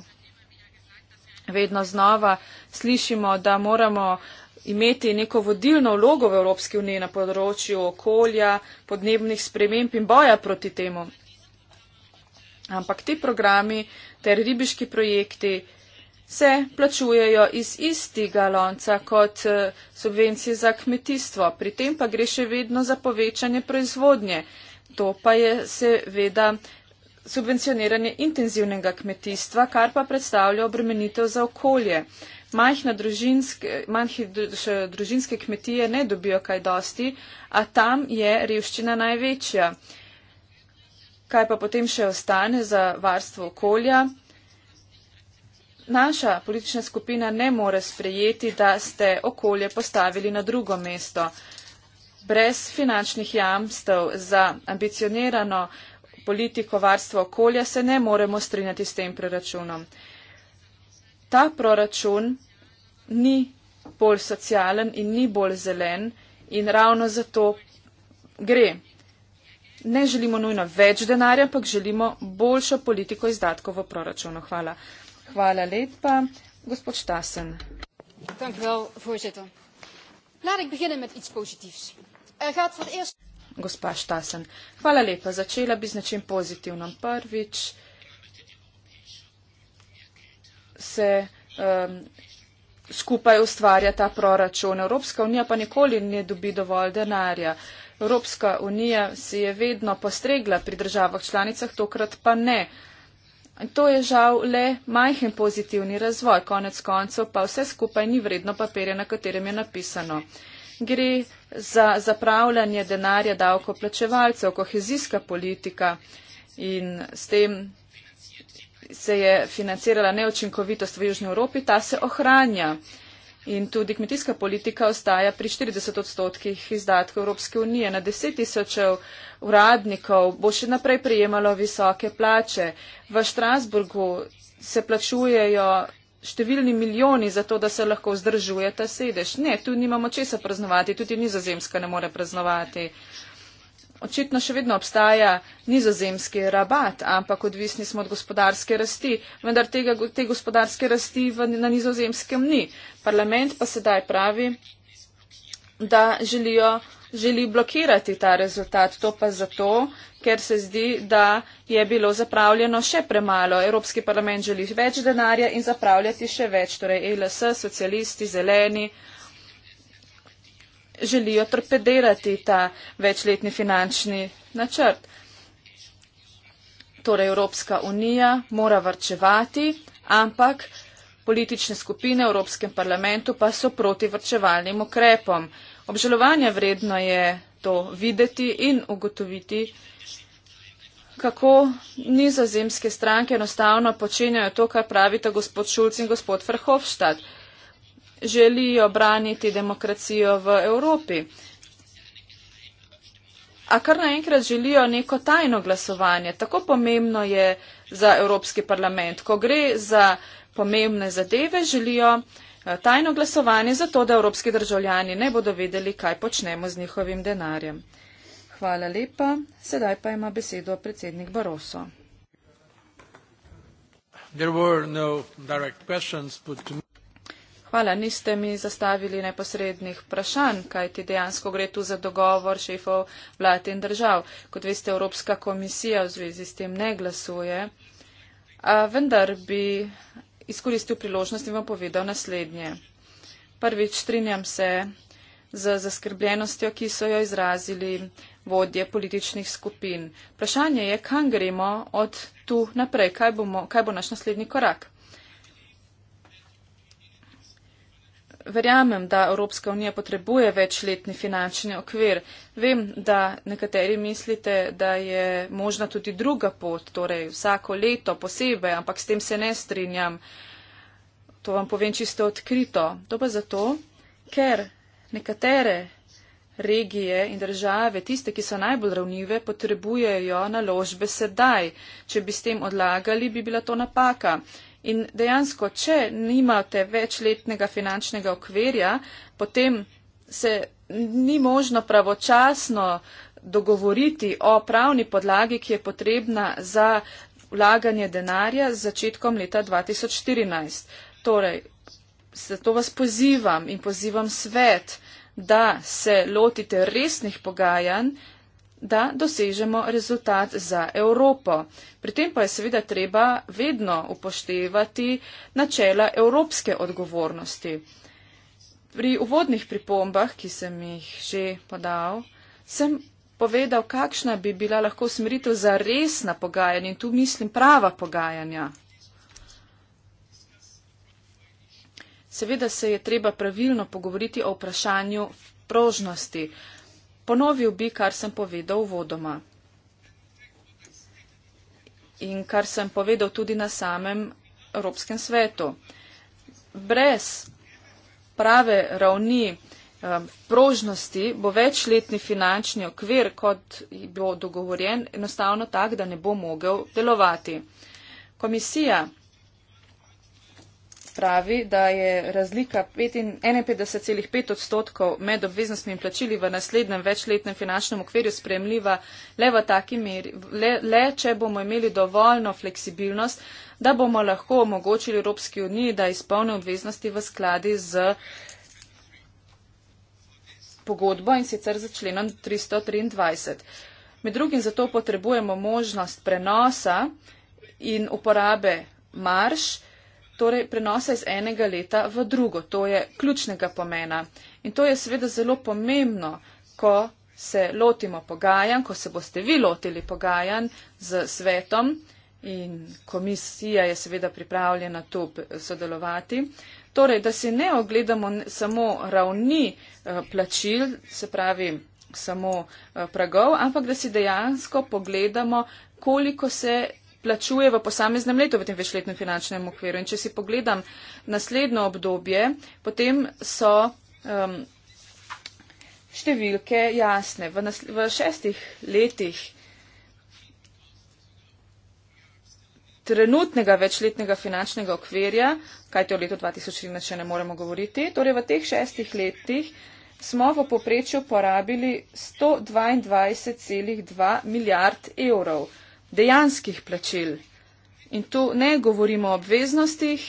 vedno znova slišimo, da moramo imeti neko vodilno vlogo v Evropski uniji na področju okolja, podnebnih sprememb in boja proti temu. Ampak ti programi ter ribiški projekti se plačujejo iz istiga lonca kot eh, subvencije za kmetijstvo. Pri tem pa gre še vedno za povečanje proizvodnje. To pa je seveda subvencioniranje intenzivnega kmetijstva, kar pa predstavlja obremenitev za okolje. Majhne družinske, družinske kmetije ne dobijo kaj dosti, a tam je revščina največja. Kaj pa potem še ostane za varstvo okolja? Naša politična skupina ne more sprejeti, da ste okolje postavili na drugo mesto. Brez finančnih jamstev za ambicionirano politiko varstva okolja, se ne moremo strinjati s tem proračunom. Ta proračun ni bolj socialen in ni bolj zelen in ravno zato gre. Ne želimo nujno več denarja, ampak želimo boljšo politiko izdatkov v proračunu. Hvala. Hvala lepa. Gospod Štasen. Dank wel, voorzitter. Laat ik beginnen met iets positiefs. Er gaat voor het eerst gospa Štasen. Hvala lepa, začela bi z nečim pozitivnom. Prvič se um, skupaj ustvarja ta proračun. Evropska unija pa nikoli ne dobi dovolj denarja. Evropska unija si je vedno postregla pri državah članicah, tokrat pa ne. In to je žal le majhen pozitivni razvoj, konec koncev pa vse skupaj ni vredno papirja, na katerem je napisano. Uh, gre za zapravljanje denarja davkoplačevalcev, kohezijska politika in s tem se je financirala neočinkovitost v Južni Evropi, ta se ohranja. In tudi kmetijska politika ostaja pri 40 odstotkih izdatkov Evropske unije. Na 10 tisočev uradnikov bo še naprej prijemalo visoke plače. V Štrasburgu se plačujejo številni milijoni za to, da se lahko vzdržuje ta sedež. Ne, tu nimamo česa praznovati, tudi nizozemska ne more praznovati. Očitno še vedno obstaja nizozemski rabat, ampak odvisni smo od gospodarske rasti, vendar tega, te gospodarske rasti v, na nizozemskem ni. Parlament pa sedaj pravi, da želijo, želi blokirati ta rezultat. To pa zato, ker se zdi, da je bilo zapravljeno še premalo. Evropski parlament želi več denarja in zapravljati še več. Torej, ELS, socialisti, zeleni želijo torpedirati ta večletni finančni načrt. Torej, Evropska unija mora vrčevati, ampak politične skupine v Evropskem parlamentu pa so proti vrčevalnim ukrepom. Obžalovanje vredno je to videti in ugotoviti, kako nizozemske stranke enostavno počenjajo to, kar pravita gospod Šulc in gospod Verhofstadt. Želijo braniti demokracijo v Evropi. A kar naenkrat želijo neko tajno glasovanje. Tako pomembno je za Evropski parlament. Ko gre za pomembne zadeve, želijo Eh, tajno glasovanje, zato da evropski državljani ne bodo vedeli, kaj počnemo z njihovim denarjem. Hvala lepa. Sedaj pa ima besedo predsednik Baroso. No Hvala, niste mi zastavili neposrednih vprašanj, kajti dejansko gre tu za dogovor šefov vlad in držav. Kot veste, Evropska komisija v zvezi s tem ne glasuje, A vendar bi izkoristil priložnost in vam povedal naslednje. Prvič, strinjam se z zaskrbljenostjo, ki so jo izrazili vodje političnih skupin. Vprašanje je, kam gremo od tu naprej, kaj, bomo, kaj bo naš naslednji korak. verjamem, da Evropska unija potrebuje večletni finančni okvir. Vem, da nekateri mislite, da je možna tudi druga pot, torej vsako leto posebej, ampak s tem se ne strinjam. To vam povem čisto odkrito. To pa zato, ker nekatere regije in države, tiste, ki so najbolj ravnive, potrebujejo naložbe sedaj. Če bi s tem odlagali, bi bila to napaka. In dejansko, če nimate večletnega finančnega okvirja, potem se ni možno pravočasno dogovoriti o pravni podlagi, ki je potrebna za vlaganje denarja z začetkom leta 2014. Torej, zato vas pozivam in pozivam svet, da se lotite resnih pogajanj da dosežemo rezultat za Evropo. Pri tem pa je seveda treba vedno upoštevati načela evropske odgovornosti. Pri uvodnih pripombah, ki sem jih že podal, sem povedal, kakšna bi bila lahko smeritev za resna pogajanja in tu mislim prava pogajanja. Seveda se je treba pravilno pogovoriti o vprašanju prožnosti. Ponovil bi, kar sem povedal vodoma. In kar sem povedal tudi na samem Evropskem svetu. Brez prave ravni eh, prožnosti bo večletni finančni okvir, kot je bil dogovorjen, enostavno tak, da ne bo mogel delovati. Komisija pravi, da je razlika 51,5 odstotkov med obveznostmi in plačili v naslednjem večletnem finančnem okvirju spremljiva le v taki meri, le, le če bomo imeli dovoljno fleksibilnost, da bomo lahko omogočili Evropski uniji, da izpolne obveznosti v skladi z pogodbo in sicer za členom 323. Med drugim zato potrebujemo možnost prenosa in uporabe marš, torej prenosa iz enega leta v drugo. To je ključnega pomena. In to je seveda zelo pomembno, ko se lotimo pogajanj, ko se boste vi lotili pogajanj z svetom in komisija je seveda pripravljena tu sodelovati. Torej, da si ne ogledamo samo ravni eh, plačil, se pravi samo eh, pragov, ampak da si dejansko pogledamo, koliko se plačuje v posameznem letu v tem večletnem finančnem okviru. In če si pogledam naslednjo obdobje, potem so um, številke jasne. V, nas, v šestih letih trenutnega večletnega finančnega okvirja, kajte o letu 2013 še ne moremo govoriti, torej v teh šestih letih smo v poprečju porabili 122,2 milijard evrov dejanskih plačil. In tu ne govorimo o obveznostih,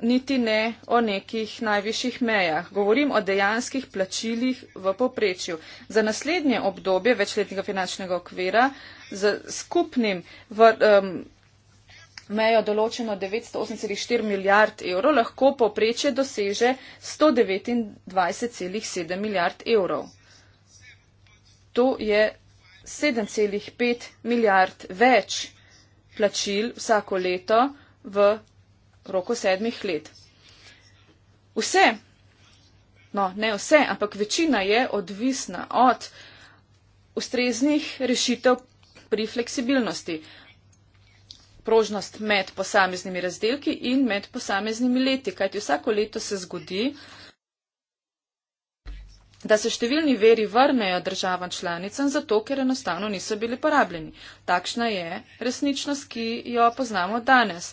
niti ne o nekih najvišjih mejah. Govorim o dejanskih plačilih v poprečju. Za naslednje obdobje večletnega finančnega okvira z skupnim v, um, mejo določeno 908,4 milijard evrov lahko poprečje doseže 129,7 milijard evrov. To je 7,5 milijard več plačil vsako leto v roko sedmih let. Vse, no ne vse, ampak večina je odvisna od ustreznih rešitev pri fleksibilnosti. Prožnost med posameznimi razdelki in med posameznimi leti, kajti vsako leto se zgodi, da se številni veri vrnejo državam članicam zato, ker enostavno niso bili porabljeni. Takšna je resničnost, ki jo poznamo danes.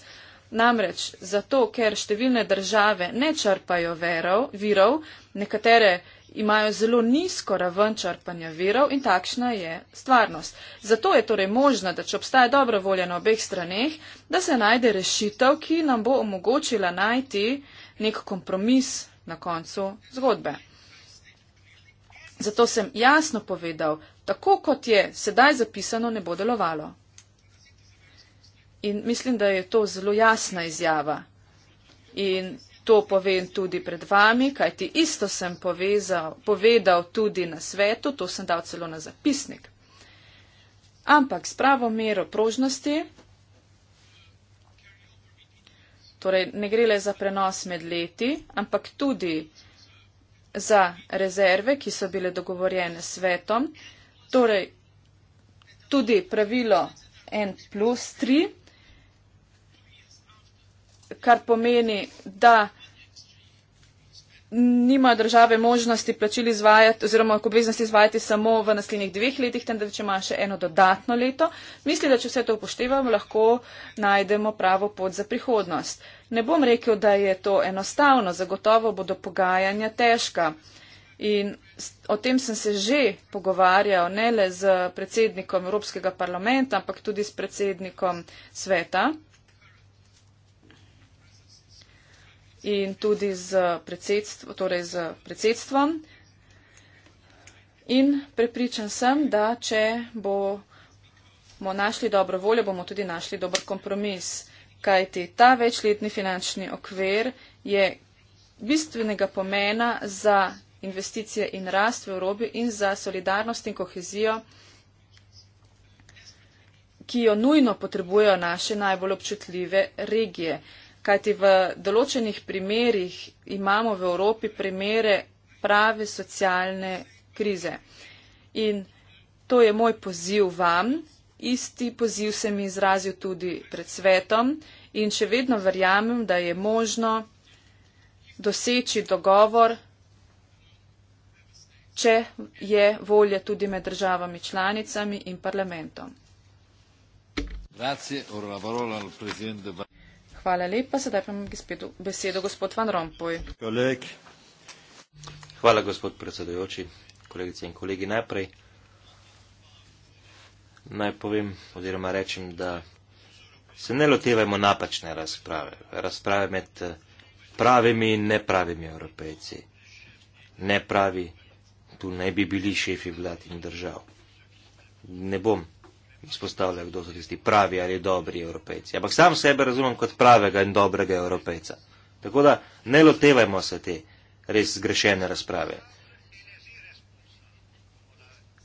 Namreč zato, ker številne države ne črpajo verov, virov, nekatere imajo zelo nizko raven črpanja virov in takšna je stvarnost. Zato je torej možno, da če obstaja dobra volja na obeh straneh, da se najde rešitev, ki nam bo omogočila najti nek kompromis na koncu zgodbe. Zato sem jasno povedal, tako kot je sedaj zapisano, ne bo delovalo. In mislim, da je to zelo jasna izjava. In to povem tudi pred vami, kajti isto sem povezal, povedal tudi na svetu, to sem dal celo na zapisnik. Ampak s pravo mero prožnosti, torej ne gre le za prenos med leti, ampak tudi za rezerve, ki so bile dogovorjene s svetom, torej tudi pravilo N plus 3, kar pomeni, da nima države možnosti plačil izvajati oziroma obveznosti izvajati samo v naslednjih dveh letih, temveč ima še eno dodatno leto. Mislim, da če vse to upoštevamo, lahko najdemo pravo pot za prihodnost. Ne bom rekel, da je to enostavno, zagotovo bodo pogajanja težka. In o tem sem se že pogovarjal ne le z predsednikom Evropskega parlamenta, ampak tudi s predsednikom sveta. in tudi z, predsedstvo, torej z predsedstvom. In prepričan sem, da če bomo našli dobro voljo, bomo tudi našli dober kompromis, kajti ta večletni finančni okvir je bistvenega pomena za investicije in rast v Evropi in za solidarnost in kohezijo, ki jo nujno potrebujejo naše najbolj občutljive regije kajti v določenih primerjih imamo v Evropi primere prave socialne krize. In to je moj poziv vam, isti poziv sem izrazil tudi pred svetom in še vedno verjamem, da je možno doseči dogovor, če je volje tudi med državami članicami in parlamentom. Grazie, Hvala lepa. Sedaj pa imam besedo gospod Van Rompuy. Koleg. Hvala, gospod predsedujoči, kolegice in kolegi. Najprej naj povem oziroma rečem, da se ne lotevajmo napačne razprave. Razprave med eh, pravimi in nepravimi evropejci. Nepravi, tu naj bi bili šefi vlad in držav. Ne bom izpostavlja, kdo so tisti pravi ali dobri evropejci. Ampak sam sebe razumem kot pravega in dobrega evropejca. Tako da ne lotevajmo se te res zgrešene razprave.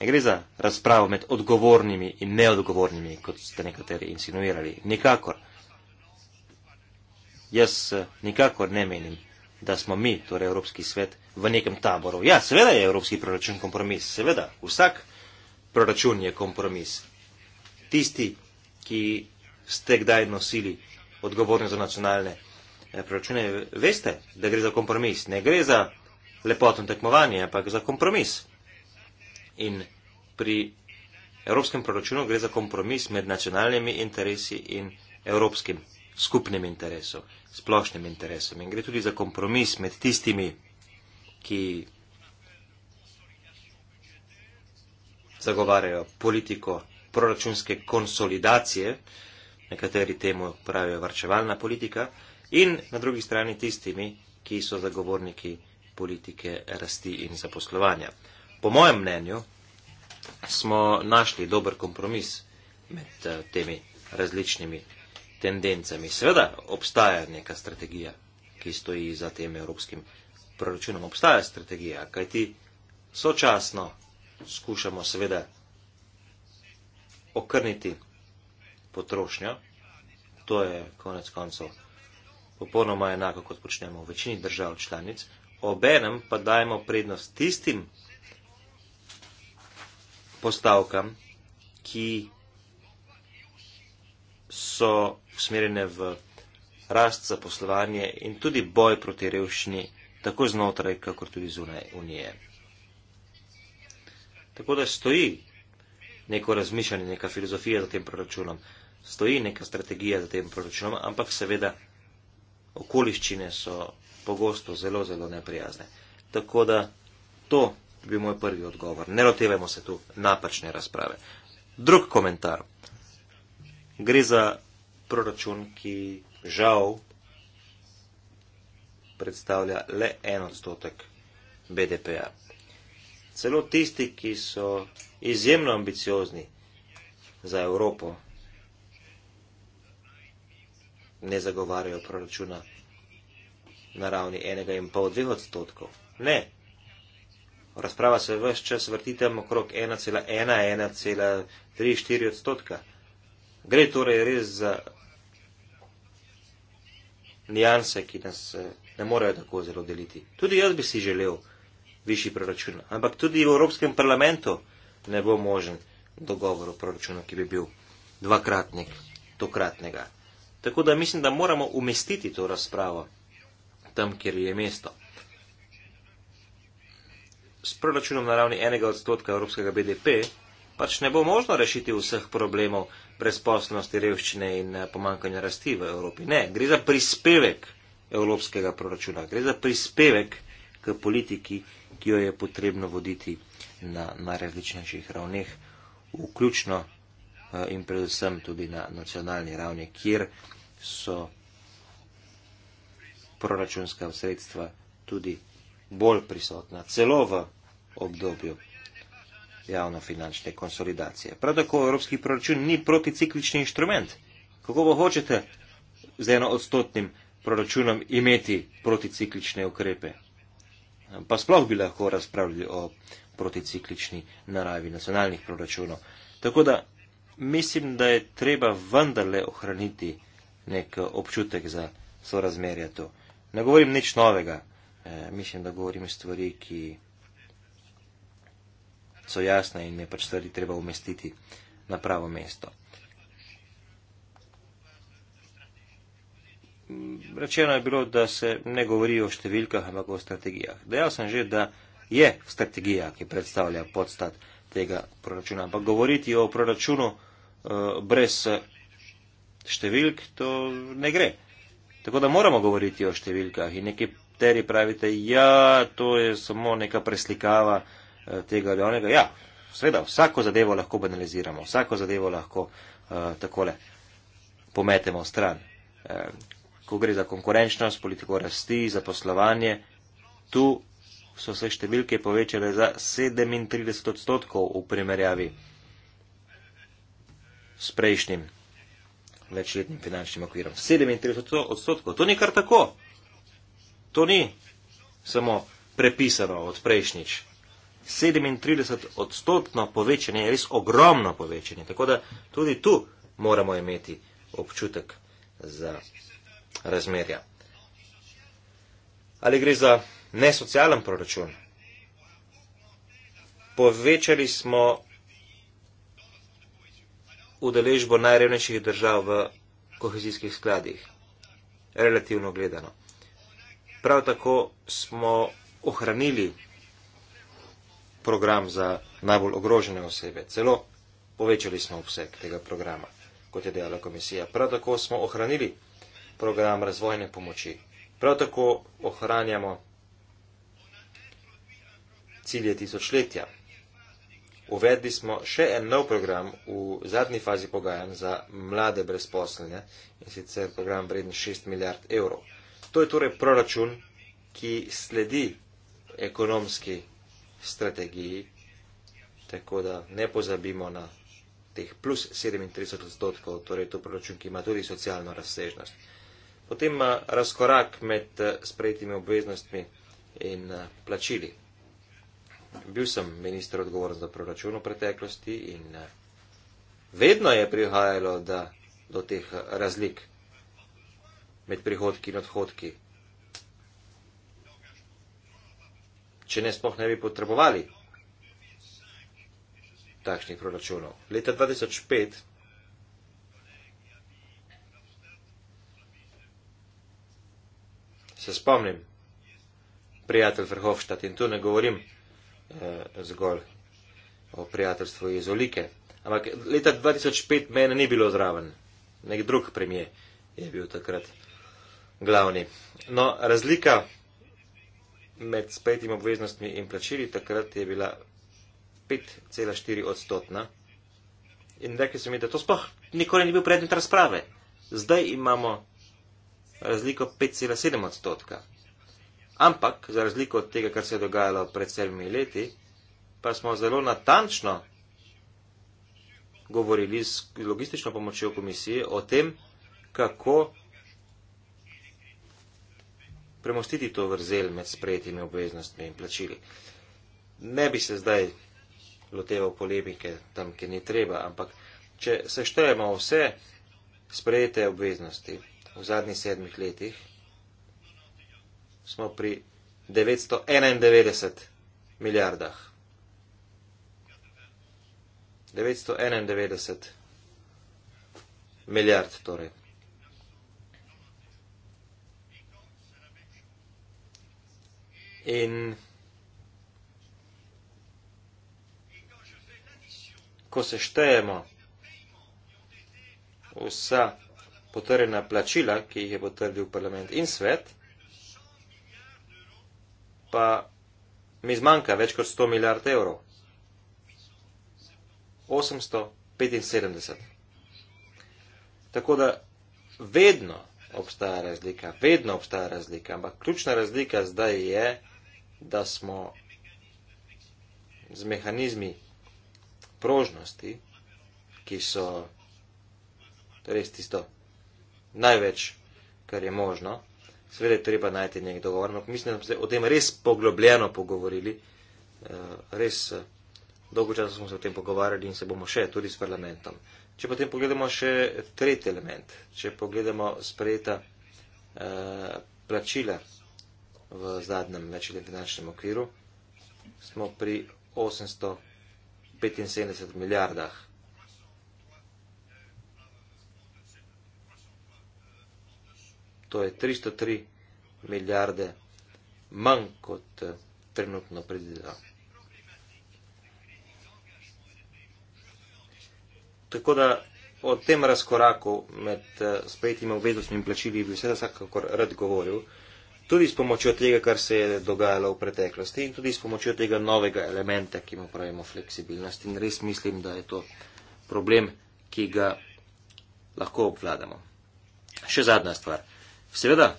Ne gre za razpravo med odgovornimi in neodgovornimi, kot ste nekateri insinuirali. Nikakor. Jaz eh, nikakor ne menim, da smo mi, torej Evropski svet, v nekem taboru. Ja, seveda je Evropski proračun kompromis. Seveda, vsak proračun je kompromis tisti, ki ste kdaj nosili odgovornost za nacionalne eh, proračune, veste, da gre za kompromis. Ne gre za lepotno tekmovanje, ampak za kompromis. In pri evropskem proračunu gre za kompromis med nacionalnimi interesi in evropskim skupnim interesom, splošnim interesom. In gre tudi za kompromis med tistimi, ki zagovarjajo politiko proračunske konsolidacije, nekateri temu pravijo varčevalna politika, in na drugi strani tistimi, ki so zagovorniki politike rasti in zaposlovanja. Po mojem mnenju smo našli dober kompromis med eh, temi različnimi tendencami. Seveda obstaja neka strategija, ki stoji za tem evropskim proračunom. Obstaja strategija, kajti sočasno skušamo seveda okrniti potrošnjo. To je konec koncev popolnoma enako, kot počnemo v večini držav članic. Obenem pa dajemo prednost tistim postavkam, ki so usmerjene v rast za poslovanje in tudi boj proti revščini, tako znotraj, kako tudi zunaj Unije. Tako da stoji neko razmišljanje, neka filozofija za tem proračunom, stoji neka strategija za tem proračunom, ampak seveda okoliščine so pogosto zelo, zelo neprijazne. Tako da to bi moj prvi odgovor. Ne lotevajmo se tu napačne razprave. Drug komentar. Gre za proračun, ki žal predstavlja le en odstotek BDP-a celo tisti, ki so izjemno ambiciozni za Evropo, ne zagovarjajo proračuna na ravni enega in pol dveh odstotkov. Ne. Razprava se vse čas vrti tam okrog 1,1-1,3-4 odstotka. Gre torej res za nijanse, ki nas eh, ne morejo tako zelo deliti. Tudi jaz bi si želel, višji proračun. Ampak tudi v Evropskem parlamentu ne bo možen dogovor o proračunu, ki bi bil dvakratnik tokratnega. Tako da mislim, da moramo umestiti to razpravo tam, kjer je mesto. S proračunom na ravni enega odstotka evropskega BDP pač ne bo možno rešiti vseh problemov brezposlenosti, revščine in eh, pomankanja rasti v Evropi. Ne, gre za prispevek evropskega proračuna, gre za prispevek k politiki ki jo je potrebno voditi na najrazličnejših ravneh, vključno eh, in predvsem tudi na nacionalni ravni, kjer so proračunska sredstva tudi bolj prisotna, celo v obdobju javnofinančne konsolidacije. Prav tako evropski proračun ni proticiklični inštrument. Kako bo hočete z eno odstotnim proračunom imeti proticiklične ukrepe? pa sploh bi lahko razpravljali o proticiklični naravi nacionalnih proračunov. Tako da mislim, da je treba vendarle ohraniti nek občutek za sorazmerje to. Ne govorim nič novega, e, mislim, da govorim stvari, ki so jasne in je pač stvari treba umestiti na pravo mesto. rečeno je bilo, da se ne govori o številkah, ampak o strategijah. Dejal sem že, da je strategija, ki predstavlja podstat tega proračuna. Ampak govoriti o proračunu uh, brez eh, številk, to ne gre. Tako da moramo govoriti o številkah in neki teri pravite, ja, to je samo neka preslikava uh, tega ali onega. Ja, sveda, vsako zadevo lahko banaliziramo, vsako zadevo lahko uh, takole pometemo stran. Uh, ko gre za konkurenčnost, politiko rasti, za poslovanje. Tu so se številke povečale za 37 odstotkov v primerjavi s prejšnjim večletnim finančnim okvirom. 37 odstotkov. To ni kar tako. To ni samo prepisano od prejšnjič. 37 odstotno povečanje je res ogromno povečanje. Tako da tudi tu moramo imeti občutek za razmerja. Ali gre za nesocialen proračun? Povečali smo udeležbo najrevnejših držav v kohezijskih skladih, relativno gledano. Prav tako smo ohranili program za najbolj ogrožene osebe, celo povečali smo obseg tega programa, kot je dejala komisija. Prav tako smo ohranili program razvojne pomoči. Prav tako ohranjamo cilje tisočletja. Uvedli smo še en nov program v zadnji fazi pogajanj za mlade brezposlene in sicer program vreden 6 milijard evrov. To je torej proračun, ki sledi ekonomski strategiji, tako da ne pozabimo na teh plus 37 odstotkov, torej to proračun, ki ima tudi socialno razsežnost potem razkorak med eh, sprejetimi obveznostmi in eh, plačili. Bil sem minister odgovoren za proračun v preteklosti in eh, vedno je prihajalo da, do teh razlik med prihodki in odhodki. Če ne spoh ne bi potrebovali takšnih proračunov. Leta 2005 se spomnim, prijatelj Verhofstadt in tu ne govorim eh, zgolj o prijateljstvu iz Olike. Ampak leta 2005 mene ni bilo zraven, nek drug premije je bil takrat glavni. No, razlika med spetim obveznostmi in plačili takrat je bila 5,4 odstotna. In rekli so mi, da to sploh nikoli ni bil predmet razprave. Zdaj imamo razliko 5,7 odstotka. Ampak, za razliko od tega, kar se je dogajalo pred sedmimi leti, pa smo zelo natančno govorili z logistično pomočjo komisije o tem, kako premostiti to vrzel med sprejetimi obveznostmi in plačili. Ne bi se zdaj loteval polemike tam, kjer ni treba, ampak če seštejemo vse sprejete obveznosti, v zadnjih sedmih letih, smo pri 991 milijardah. 991 milijard torej. In ko se štejemo vsa potrjena plačila, ki jih je potrdil parlament in svet, pa mi zmanjka več kot 100 milijard evrov. 875. Tako da vedno obstaja razlika, vedno obstaja razlika, ampak ključna razlika zdaj je, da smo z mehanizmi prožnosti, ki so res tisto največ, kar je možno. Sveda je treba najti nek dogovor, ampak mislim, da smo se o tem res poglobljeno pogovorili. Eh, res eh, dolgo časa smo se o tem pogovarjali in se bomo še tudi s parlamentom. Če potem pogledamo še tretji element, če pogledamo sprejeta eh, plačila v zadnjem večjem finančnem okviru, smo pri 875 milijardah. to je 303 milijarde manj kot eh, trenutno predvideva. Tako da o tem razkoraku med eh, sprejetimi obveznostmi in plačili bi vse vsakakor rad govoril, tudi s pomočjo tega, kar se je dogajalo v preteklosti in tudi s pomočjo tega novega elementa, ki mu pravimo fleksibilnost. In res mislim, da je to problem, ki ga lahko obvladamo. Še zadnja stvar. Seveda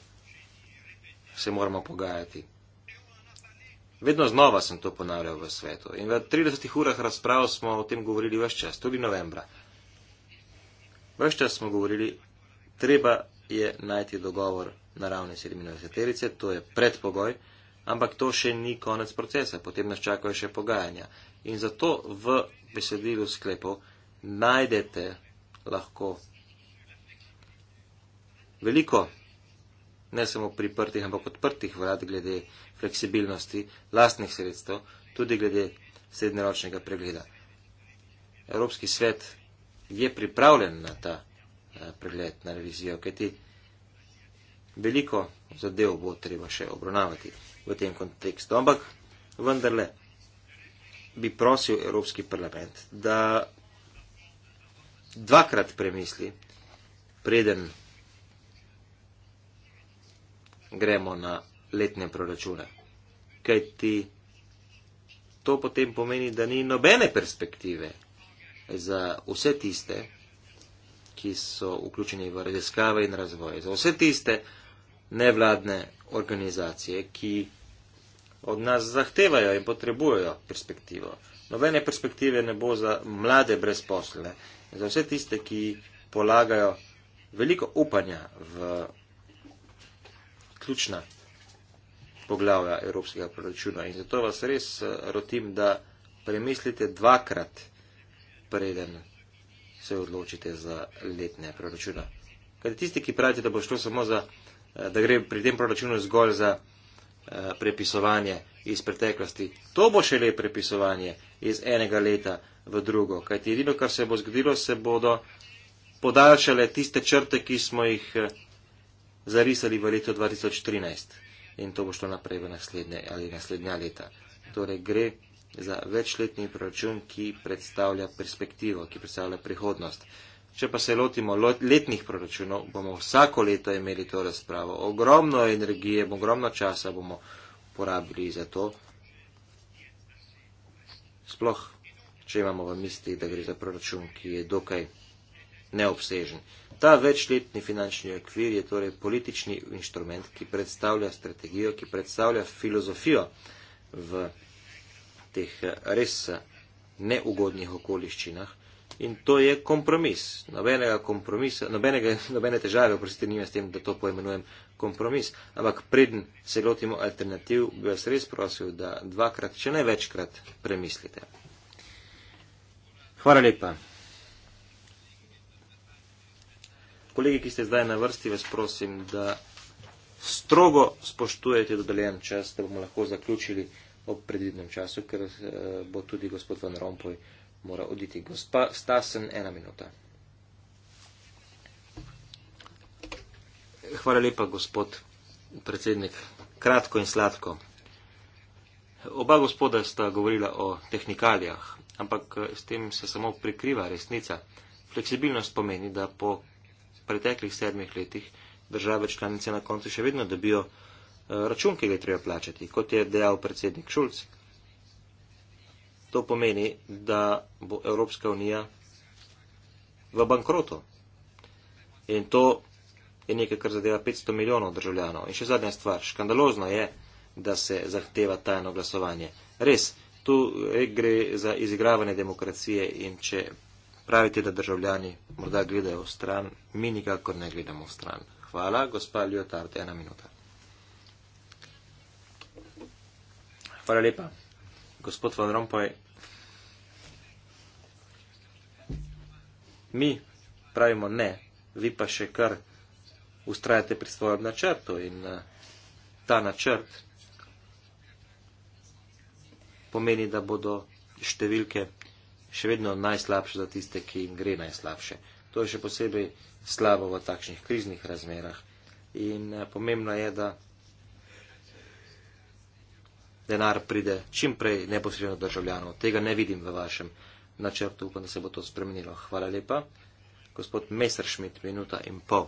se moramo pogajati. Vedno znova sem to ponavljal v svetu in v 30 urah razprav smo o tem govorili vse čas, tudi novembra. Vse čas smo govorili, treba je najti dogovor na ravni 97-terice, to je predpogoj, ampak to še ni konec procesa, potem nas čakajo še pogajanja. In zato v besedilu sklepov najdete lahko veliko ne samo priprtih, ampak odprtih vlad glede fleksibilnosti lastnih sredstev, tudi glede srednjeročnega pregleda. Evropski svet je pripravljen na ta eh, pregled, na revizijo, kajti veliko zadev bo treba še obravnavati v tem kontekstu. Ampak vendarle bi prosil Evropski parlament, da dvakrat premisli, preden gremo na letne proračune. Kaj ti to potem pomeni, da ni nobene perspektive za vse tiste, ki so vključeni v raziskave in razvoj, za vse tiste nevladne organizacije, ki od nas zahtevajo in potrebujejo perspektivo. Nobene perspektive ne bo za mlade brezposle, za vse tiste, ki polagajo veliko upanja v ključna poglavja evropskega proračuna. In zato vas res eh, rotim, da premislite dvakrat, preden se odločite za letne proračuna. Ker tisti, ki pravite, da bo šlo samo za, eh, da gre pri tem proračunu zgolj za eh, prepisovanje iz preteklosti, to bo šele prepisovanje iz enega leta v drugo. Kajti edino, kar se bo zgodilo, se bodo podaljšale tiste črte, ki smo jih zarisali v leto 2013 in to bo šlo naprej v naslednje ali naslednja leta. Torej gre za večletni proračun, ki predstavlja perspektivo, ki predstavlja prihodnost. Če pa se lotimo letnih proračunov, bomo vsako leto imeli to razpravo. Ogromno energije, ogromno časa bomo porabili za to. Sploh, če imamo v misli, da gre za proračun, ki je dokaj neobsežen. Ta večletni finančni okvir je torej politični inštrument, ki predstavlja strategijo, ki predstavlja filozofijo v teh res neugodnih okoliščinah. In to je kompromis. Nobenega kompromisa, nobenega, nobene težave, oprostite, nima s tem, da to poimenujem kompromis. Ampak predn se lotimo alternativ, bi vas res prosil, da dvakrat, če ne večkrat, premislite. Hvala lepa. Kolegi, ki ste zdaj na vrsti, vas prosim, da strogo spoštujete dodeljen čas, da bomo lahko zaključili ob predvidnem času, ker eh, bo tudi gospod Van Rompuy moral oditi. Gospa Stasen, ena minuta. Hvala lepa, gospod predsednik. Kratko in sladko. Oba gospoda sta govorila o tehnikalijah, ampak eh, s tem se samo prikriva resnica. Fleksibilnost pomeni, da po preteklih sedmih letih države članice na koncu še vedno dobijo eh, račun, ki ga treba plačati, kot je dejal predsednik Šulc. To pomeni, da bo Evropska unija v bankrotu. In to je nekaj, kar zadeva 500 milijonov državljanov. In še zadnja stvar, škandalozno je, da se zahteva tajno glasovanje. Res, tu eh, gre za izigravanje demokracije in če pravite, da državljani morda gledajo v stran, mi nikakor ne gledamo v stran. Hvala, gospa Ljotard, ena minuta. Hvala lepa. Gospod Van Rompuy, mi pravimo ne, vi pa še kar ustrajate pri svojem načrtu in eh, ta načrt pomeni, da bodo številke še vedno najslabše za tiste, ki jim gre najslabše. To je še posebej slabo v takšnih kriznih razmerah. In eh, pomembno je, da denar pride čim prej neposredno državljanov. Tega ne vidim v vašem načrtu, upam, da se bo to spremenilo. Hvala lepa. Gospod Messerschmidt, minuta in pol.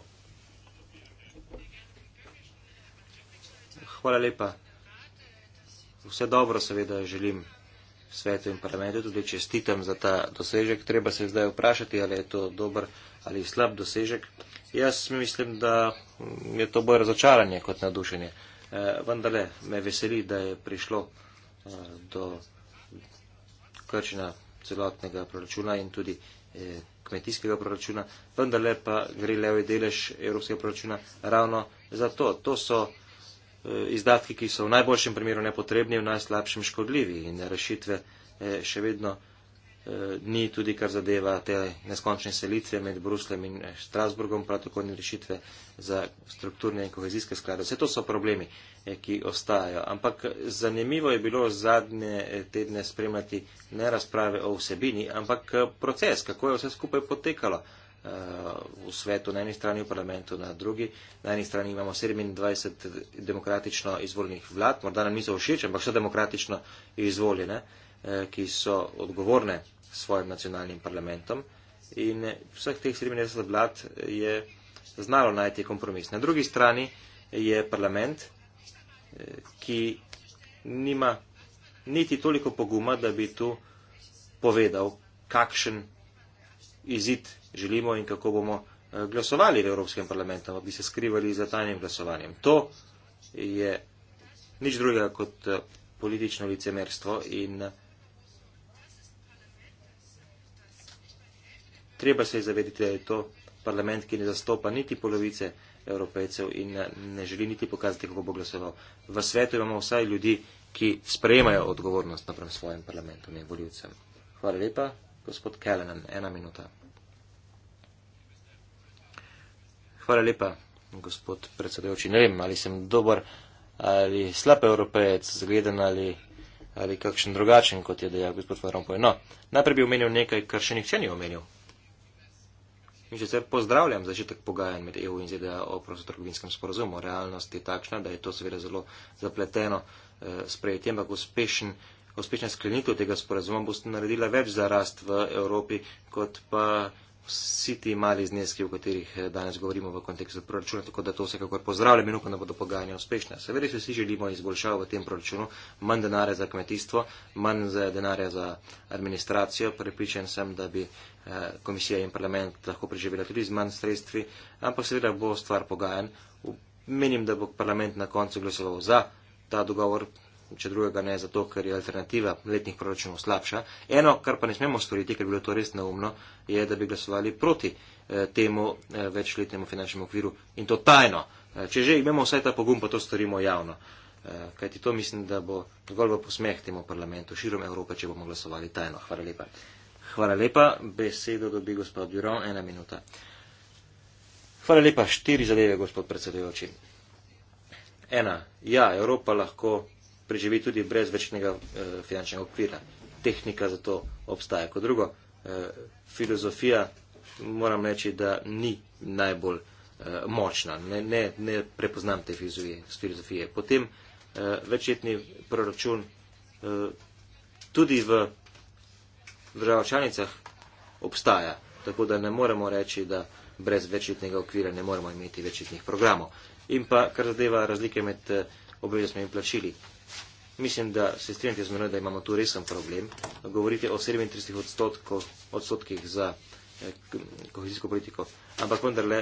Hvala lepa. Vse dobro seveda želim svetu in parlamentu, tudi čestitam za ta dosežek. Treba se zdaj vprašati, ali je to dober ali slab dosežek. Jaz mislim, da je to bolj razočaranje kot nadušenje. Eh, Vendale me veseli, da je prišlo eh, do krčina celotnega proračuna in tudi eh, kmetijskega proračuna, vendar le pa gre levi delež evropskega proračuna ravno za to. To so Eh, izdatki, ki so v najboljšem primeru nepotrebni, v najslabšem škodljivi in rešitve eh, še vedno eh, ni tudi, kar zadeva te neskončne selitve med Bruslem in Strasburgom, prav tako ni rešitve za strukturne in kohezijske sklade. Vse to so problemi, ki ostajajo. Ampak zanimivo je bilo zadnje tedne spremljati ne razprave o vsebini, ampak proces, kako je vse skupaj potekalo. Eh, v svetu na eni strani, v parlamentu na drugi. Na eni strani imamo 27 demokratično izvoljenih vlad, morda nam niso všeč, ampak so demokratično izvoljene, eh, ki so odgovorne svojim nacionalnim parlamentom. In vseh teh 27 vlad je znalo najti kompromis. Na drugi strani je parlament, eh, ki nima niti toliko poguma, da bi tu povedal, kakšen izid želimo in kako bomo eh, glasovali v Evropskem parlamentu, da bi se skrivali za tajnim glasovanjem. To je nič drugega kot eh, politično licemerstvo in eh, treba se zavedeti, da je to parlament, ki ne zastopa niti polovice evropejcev in ne želi niti pokazati, kako bo glasoval. V svetu imamo vsaj ljudi, ki sprejemajo odgovornost naprem svojem parlamentom in voljivcem. Hvala lepa. Gospod Kelenen, ena minuta. Hvala lepa, gospod predsedujoči. Ne vem, ali sem dober ali slab evropejec, zgleden ali, ali kakšen drugačen, kot je dejal gospod Van Rompuy. No, najprej bi omenil nekaj, kar še nihče ni omenil. In sicer pozdravljam začetek pogajanj med EU in ZDA o prostotrgovinskem sporozumu. Realnost je takšna, da je to seveda zelo zapleteno eh, sprejetje, ampak uspešen. Eh, uspešna sklenitev tega sporazuma boste naredila več za rast v Evropi, kot pa vsi ti mali zneski, o katerih eh, danes govorimo v kontekstu proračuna, tako da to vsekakor pozdravljam in upam, da bodo pogajanja uspešna. Seveda si vsi želimo izboljšav v tem proračunu, manj denarja za kmetijstvo, manj za denarja za administracijo, prepričan sem, da bi eh, komisija in parlament lahko preživela tudi z manj sredstvi, ampak seveda bo stvar pogajan. Menim, da bo parlament na koncu glasoval za ta dogovor, če drugega ne, zato ker je alternativa letnih proračunov slabša. Eno, kar pa ne smemo storiti, ker bi bilo to res neumno, je, da bi glasovali proti eh, temu eh, večletnemu finančnemu okviru in to tajno. Eh, če že imamo vsaj ta pogum, pa to storimo javno. Eh, kajti to mislim, da bo zgolj v posmeh temu parlamentu širom Evrope, če bomo glasovali tajno. Hvala lepa. Hvala lepa. Besedo dobi gospod Duron. Ena minuta. Hvala lepa. Štiri zadeve, gospod predsedujoči. Ena. Ja, Evropa lahko preživi tudi brez večnega eh, finančnega okvira. Tehnika za to obstaja. Kot drugo, eh, filozofija moram reči, da ni najbolj eh, močna. Ne, ne, ne prepoznam te filozofije. Potem eh, večletni proračun eh, tudi v državčanicah obstaja. Tako da ne moremo reči, da brez večletnega okvira ne moremo imeti večletnih programov. In pa, kar zadeva razlike med eh, obveznostmi in plačili. Mislim, da se strinjate z menoj, da imamo tu resen problem. Govorite o 37 odstotkov, odstotkih za eh, kohezijsko politiko, ampak vendarle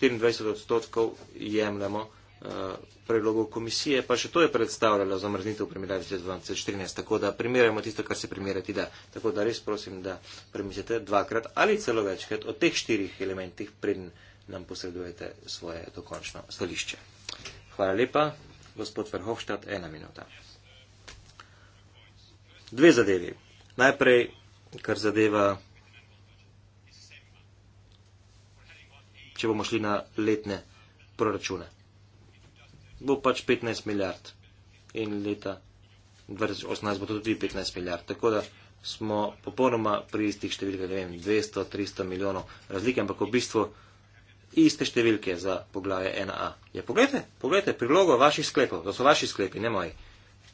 24 odstotkov jemljamo eh, predlogov komisije, pa še to je predstavljalo zamrznitev primerjave z 2014. Tako da primerjamo tisto, kar se primerjati da. Tako da res prosim, da premislite dvakrat ali celo večkrat o teh štirih elementih, preden nam posredujete svoje dokončno stališče. Hvala lepa. Gospod Verhofstadt, ena minuta dve zadevi. Najprej, kar zadeva, če bomo šli na letne proračune. Bo pač 15 milijard in leta 2018 bo to tudi 15 milijard. Tako da smo popolnoma pri istih številkah, ne vem, 200, 300 milijonov razlike, ampak v bistvu iste številke za poglavje 1A. Ja, poglejte, poglejte, prilogo vaših sklepov, to so vaši sklepi, ne moji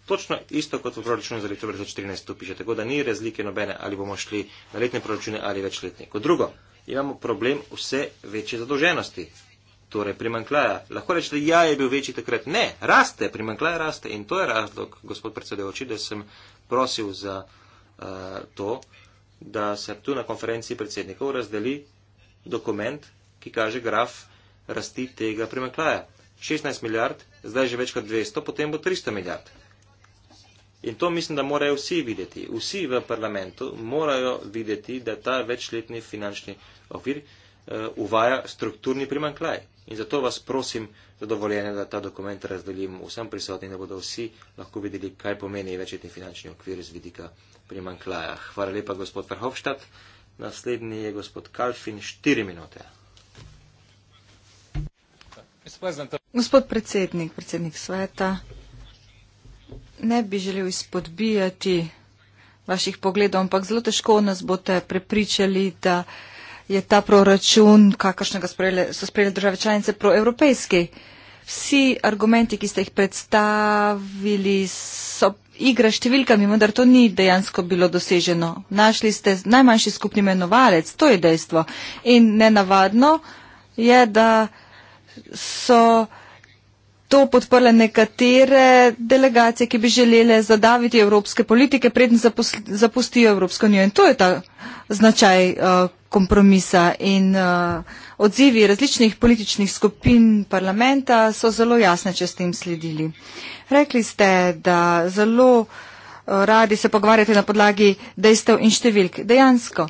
točno isto kot v proračunu za leto 2014 tu piše, tako da ni razlike nobene, ali bomo šli na letne proračune ali večletne. Kot drugo, imamo problem vse večje zadolženosti, torej primankljaja. Lahko rečete, ja, je bil večji takrat. Ne, raste, primankljaj raste in to je razlog, gospod predsedujoči, da sem prosil za uh, to, da se tu na konferenciji predsednikov razdeli dokument, ki kaže graf rasti tega primankljaja. 16 milijard, zdaj že več kot 200, potem bo 300 milijard. In to mislim, da morajo vsi videti. Vsi v parlamentu morajo videti, da ta večletni finančni okvir eh, uvaja strukturni primankljaj. In zato vas prosim za dovoljenje, da ta dokument razdelim vsem prisotnim, da bodo vsi lahko videli, kaj pomeni večletni finančni okvir z vidika primankljaja. Hvala lepa, gospod Verhofstadt. Naslednji je gospod Kalfin, štiri minute. Gospod predsednik, predsednik sveta ne bi želel izpodbijati vaših pogledov, ampak zelo težko nas boste prepričali, da je ta proračun, kakršnega so sprejeli države članice, proevropejski. Vsi argumenti, ki ste jih predstavili, so igra s številkami, vendar to ni dejansko bilo doseženo. Našli ste najmanjši skupni menovalec, to je dejstvo. In nenavadno je, da so to podprle nekatere delegacije, ki bi želele zadaviti evropske politike, predn zapustijo Evropsko unijo. In to je ta značaj uh, kompromisa. In uh, odzivi različnih političnih skupin parlamenta so zelo jasne, če ste jim sledili. Rekli ste, da zelo uh, radi se pogovarjate na podlagi dejstev in številk. Dejansko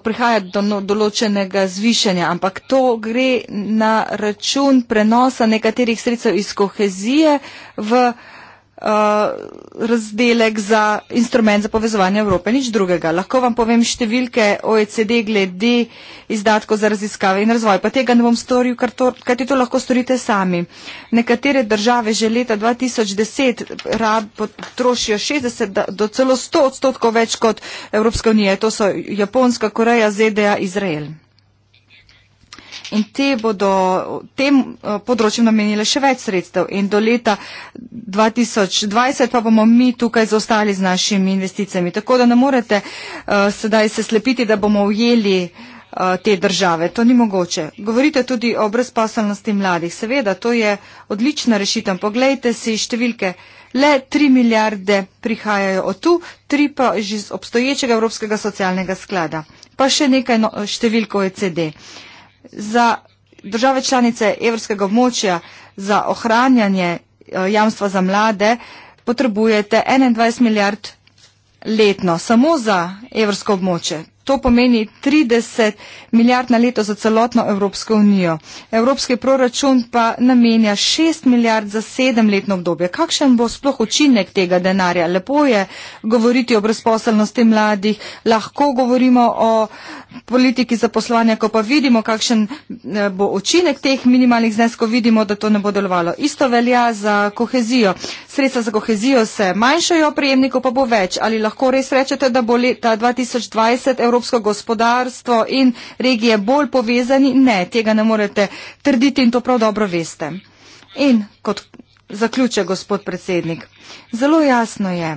prihaja do no-, določenega zvišanja, ampak to gre na račun prenosa nekaterih sredstev iz kohezije v uh, Eh, razdelek za instrument za povezovanje Evrope, nič drugega. Lahko vam povem številke OECD glede izdatkov za raziskave in razvoj, pa tega ne bom storil, kaj ti to lahko storite sami. Nekatere države že leta 2010 rab, potrošijo 60 do celo 100 odstotkov več kot Evropska unija. To so Japonska, Koreja, ZDA, Izrael in te bodo tem eh, področjem namenile še več sredstev. In do leta 2020 pa bomo mi tukaj zaostali z našimi investicijami. Tako da ne morete uh, sedaj se slepiti, da bomo ujeli eh, te države. To ni mogoče. Govorite tudi o brezposelnosti mladih. Seveda, to je odlična rešitev. Poglejte si številke. Le 3 milijarde prihajajo od tu, 3 pa že iz obstoječega Evropskega socialnega sklada. Pa še nekaj no, številko OECD. Uh, za države članice evropskega območja za ohranjanje eh, jamstva za mlade potrebujete 21 milijard letno, samo za evropsko območje. To pomeni 30 milijard na leto za celotno Evropsko unijo. Evropski proračun pa namenja 6 milijard za sedemletno obdobje. Kakšen bo sploh učinek tega denarja? Lepo je govoriti o brezposelnosti mladih, lahko govorimo o uh, politiki zaposlovanja, ko pa vidimo, kakšen eh, bo učinek teh minimalnih zneskov, vidimo, da to ne bo delovalo. Isto velja za kohezijo. Sredstva za kohezijo se manjšajo, prijemnikov pa bo več. Ali lahko res rečete, da bo leta 2020 evropsko gospodarstvo in regije bolj povezani? Ne, tega ne morete trditi in to prav dobro veste. In kot zaključe gospod predsednik, zelo jasno je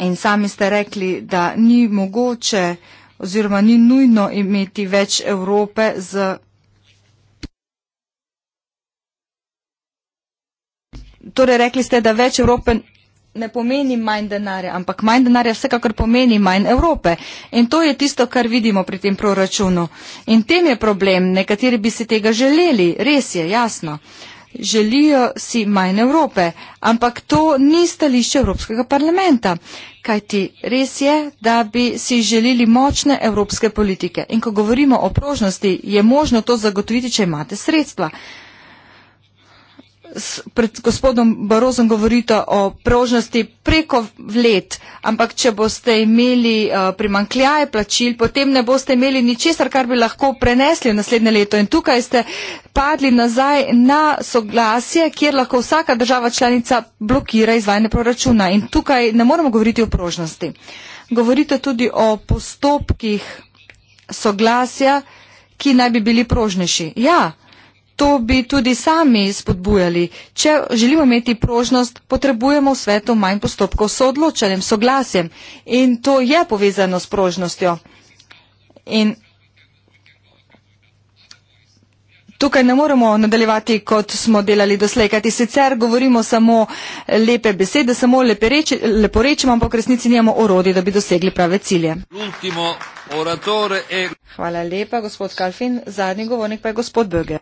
in sami ste rekli, da ni mogoče oziroma ni nujno imeti več Evrope z. Torej, rekli ste, da več Evrope ne pomeni manj denarja, ampak manj denarja vsekakor pomeni manj Evrope. In to je tisto, kar vidimo pri tem proračunu. In tem je problem, nekateri bi si tega želeli, res je, jasno. Uh, Želijo si manj Evrope, ampak to ni stališče Evropskega parlamenta. Kaj ti res je, da bi si želili močne evropske politike. In ko govorimo o prožnosti, je možno to zagotoviti, če imate sredstva pred gospodom Barozom govorite o prožnosti preko let, ampak če boste imeli eh, primankljaje plačil, potem ne boste imeli ničesar, kar bi lahko prenesli v naslednje leto. In tukaj ste padli nazaj na soglasje, kjer lahko vsaka država članica blokira izvajanje proračuna. In tukaj ne moremo govoriti o prožnosti. Govorite tudi o postopkih soglasja, ki naj bi bili prožnejši. Ja, to bi tudi sami spodbujali. Če želimo imeti prožnost, potrebujemo v svetu manj postopkov s odločanjem, soglasjem in to je povezano s prožnostjo. In tukaj ne moremo nadaljevati, kot smo delali doslej, kajti sicer govorimo samo lepe besede, samo leporečimo, ampak v resnici nimamo orodi, da bi dosegli prave cilje. Hvala lepa, gospod Kalfin. Zadnji govornik pa je gospod Böge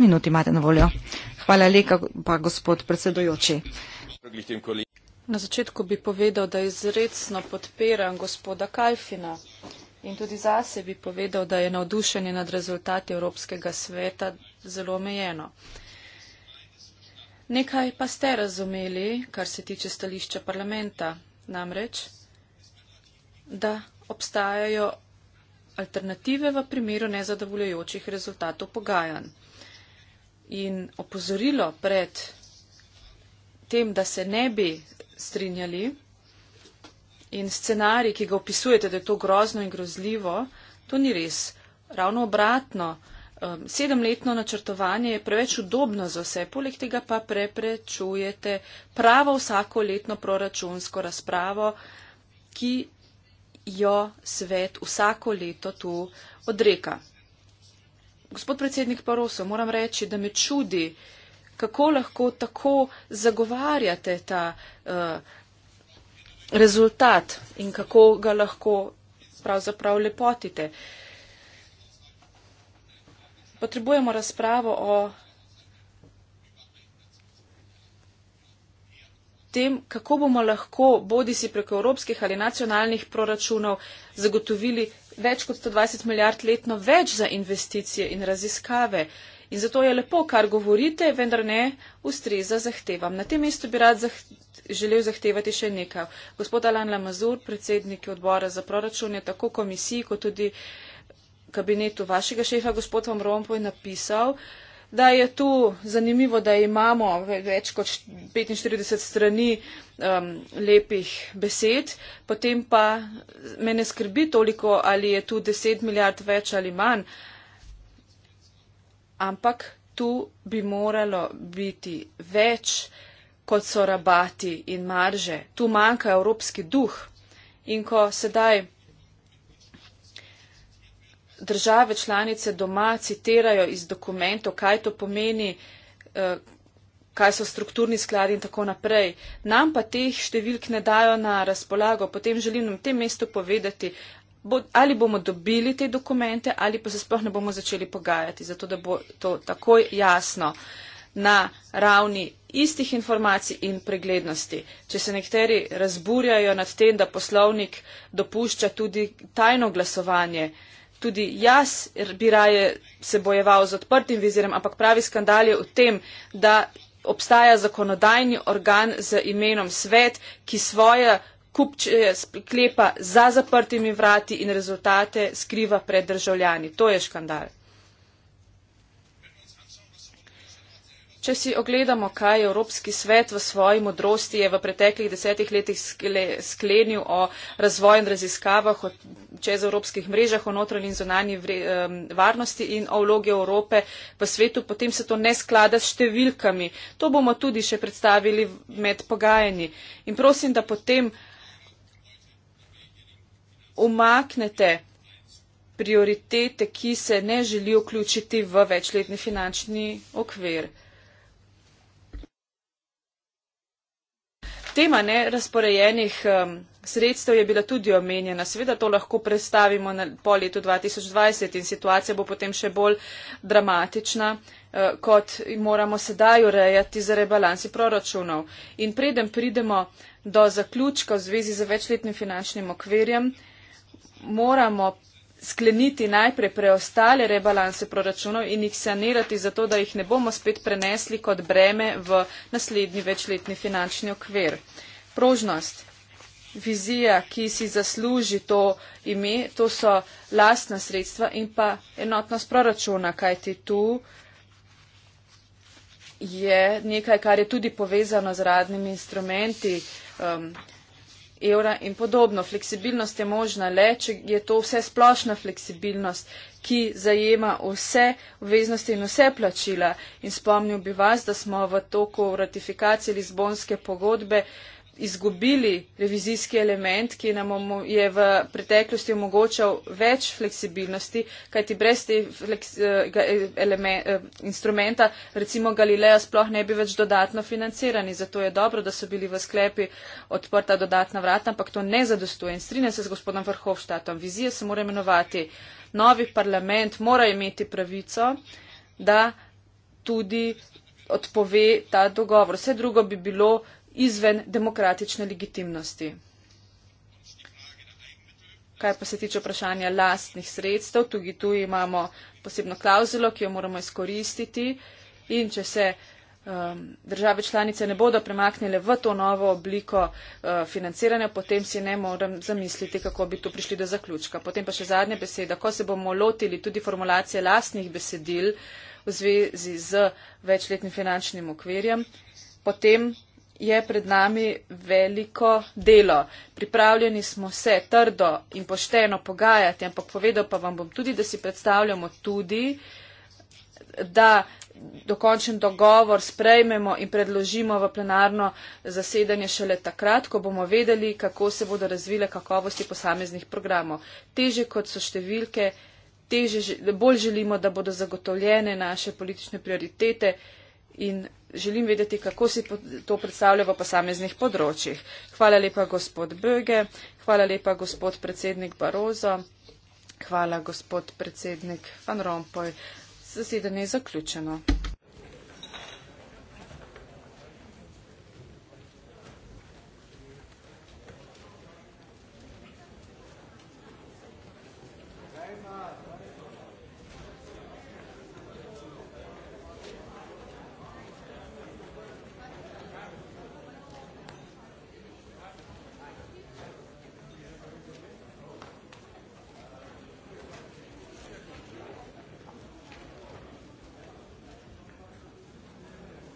minut imate na voljo. Hvala lepa, pa gospod predsedojoči. Na začetku bi povedal, da izredno podpiram gospoda Kalfina in tudi zase bi povedal, da je navdušenje nad rezultati Evropskega sveta zelo omejeno. Nekaj pa ste razumeli, kar se tiče stališča parlamenta, namreč, da obstajajo alternative v primeru nezadovoljujočih rezultatov pogajanj in opozorilo pred tem, da se ne bi strinjali in scenarij, ki ga opisujete, da je to grozno in grozljivo, to ni res. Ravno obratno, um, sedemletno načrtovanje je preveč udobno za vse, poleg tega pa preprečujete pravo vsako letno proračunsko razpravo, ki jo svet vsako leto tu odreka. Gospod predsednik Paroso, moram reči, da me čudi, kako lahko tako zagovarjate ta uh, rezultat in kako ga lahko pravzaprav lepotite. Potrebujemo razpravo o tem, kako bomo lahko bodi si preko evropskih ali nacionalnih proračunov zagotovili več kot 120 milijard letno več za investicije in raziskave. In zato je lepo, kar govorite, vendar ne ustreza zahtevam. Na tem mestu bi rad zah želel zahtevati še nekaj. Gospod Alan Lamazur, predsednik odbora za proračun, je tako komisiji kot tudi kabinetu vašega šefa, gospod Vamrompo, je napisal, da je to zanimivo, da imamo več kot 45 strani um, lepih besed, potem pa me ne skrbi toliko, ali je tu 10 milijard več ali manj. Ampak tu bi moralo biti več, kot so rabati in marže. Tu manjka evropski duh. In ko sedaj države članice doma citirajo iz dokumentov, kaj to pomeni, eh, kaj so strukturni skladi in tako naprej. Nam pa teh številk ne dajo na razpolago. Potem želim na tem mestu povedati, ali bomo dobili te dokumente ali pa se sploh ne bomo začeli pogajati, zato da bo to takoj jasno na ravni istih informacij in preglednosti. Če se nekateri razburjajo nad tem, da poslovnik dopušča tudi tajno glasovanje, uh, tudi jaz bi raje se bojeval z odprtim vizirjem, ampak pravi skandal je v tem, da obstaja zakonodajni organ z imenom svet, ki svoje kupče sklepa za zaprtimi vrati in rezultate skriva pred državljani. To je škandal. Če si ogledamo, kaj je Evropski svet v svoji modrosti je v preteklih desetih letih sklenil o razvoju in raziskavah čez evropskih mrežah o notranji in zonanji varnosti in o vlogi Evrope v svetu, potem se to ne sklada s številkami. To bomo tudi še predstavili med pogajanji. In prosim, da potem umaknete prioritete, ki se ne želi vključiti v večletni finančni okvir. Tema nerazporejenih um, sredstev je bila tudi omenjena. Sveda to lahko predstavimo po letu 2020 in situacija bo potem še bolj dramatična, uh, kot moramo sedaj urejati za rebalansi proračunov. In preden pridemo do zaključka v zvezi z večletnim finančnim okvirjem, moramo skleniti najprej preostale rebalanse proračunov in jih sanirati, zato da jih ne bomo spet prenesli kot breme v naslednji večletni finančni okvir. Prožnost, vizija, ki si zasluži to ime, to so lastna sredstva in pa enotnost proračuna, kajti tu je nekaj, kar je tudi povezano z radnimi instrumenti. Um, evra in podobno. Fleksibilnost je možna le, če je to vse splošna fleksibilnost, ki zajema vse obveznosti in vse plačila. In spomnil bi vas, da smo v toku ratifikacije Lizbonske pogodbe uh, izgubili revizijski element, ki nam je v preteklosti omogočal več fleksibilnosti, kajti brez tega eh, eh, eh, instrumenta, recimo Galileja, sploh ne bi več dodatno financirani. Zato je dobro, da so bili v sklepi odprta dodatna vrata, ampak to ne zadostuje. In strinjam se z gospodom Vrhovštatom. Vizija se mora imenovati. Novi parlament mora imeti pravico, da tudi odpove ta dogovor. Vse drugo bi bilo izven demokratične legitimnosti. Kaj pa se tiče vprašanja lastnih sredstev, tudi tu imamo posebno klauzulo, ki jo moramo izkoristiti in če se um, države članice ne bodo premaknile v to novo obliko uh, financiranja, potem si ne morem zamisliti, kako bi tu prišli do zaključka. Potem pa še zadnja beseda, ko se bomo lotili tudi formulacije lastnih besedil v zvezi z večletnim finančnim okvirjem, potem je pred nami veliko delo. Pripravljeni smo se trdo in pošteno pogajati, ampak povedal pa vam bom tudi, da si predstavljamo tudi, da dokončen dogovor sprejmemo in predložimo v plenarno zasedanje šele takrat, ko bomo vedeli, kako se bodo razvile kakovosti posameznih programov. Teže kot so številke, teže, bolj želimo, da bodo zagotovljene naše politične prioritete in želim vedeti, kako si to predstavlja v posameznih področjih. Hvala lepa, gospod Böge, hvala lepa, gospod predsednik Barozo, hvala, gospod predsednik Van Rompuy. Zasedanje je zaključeno.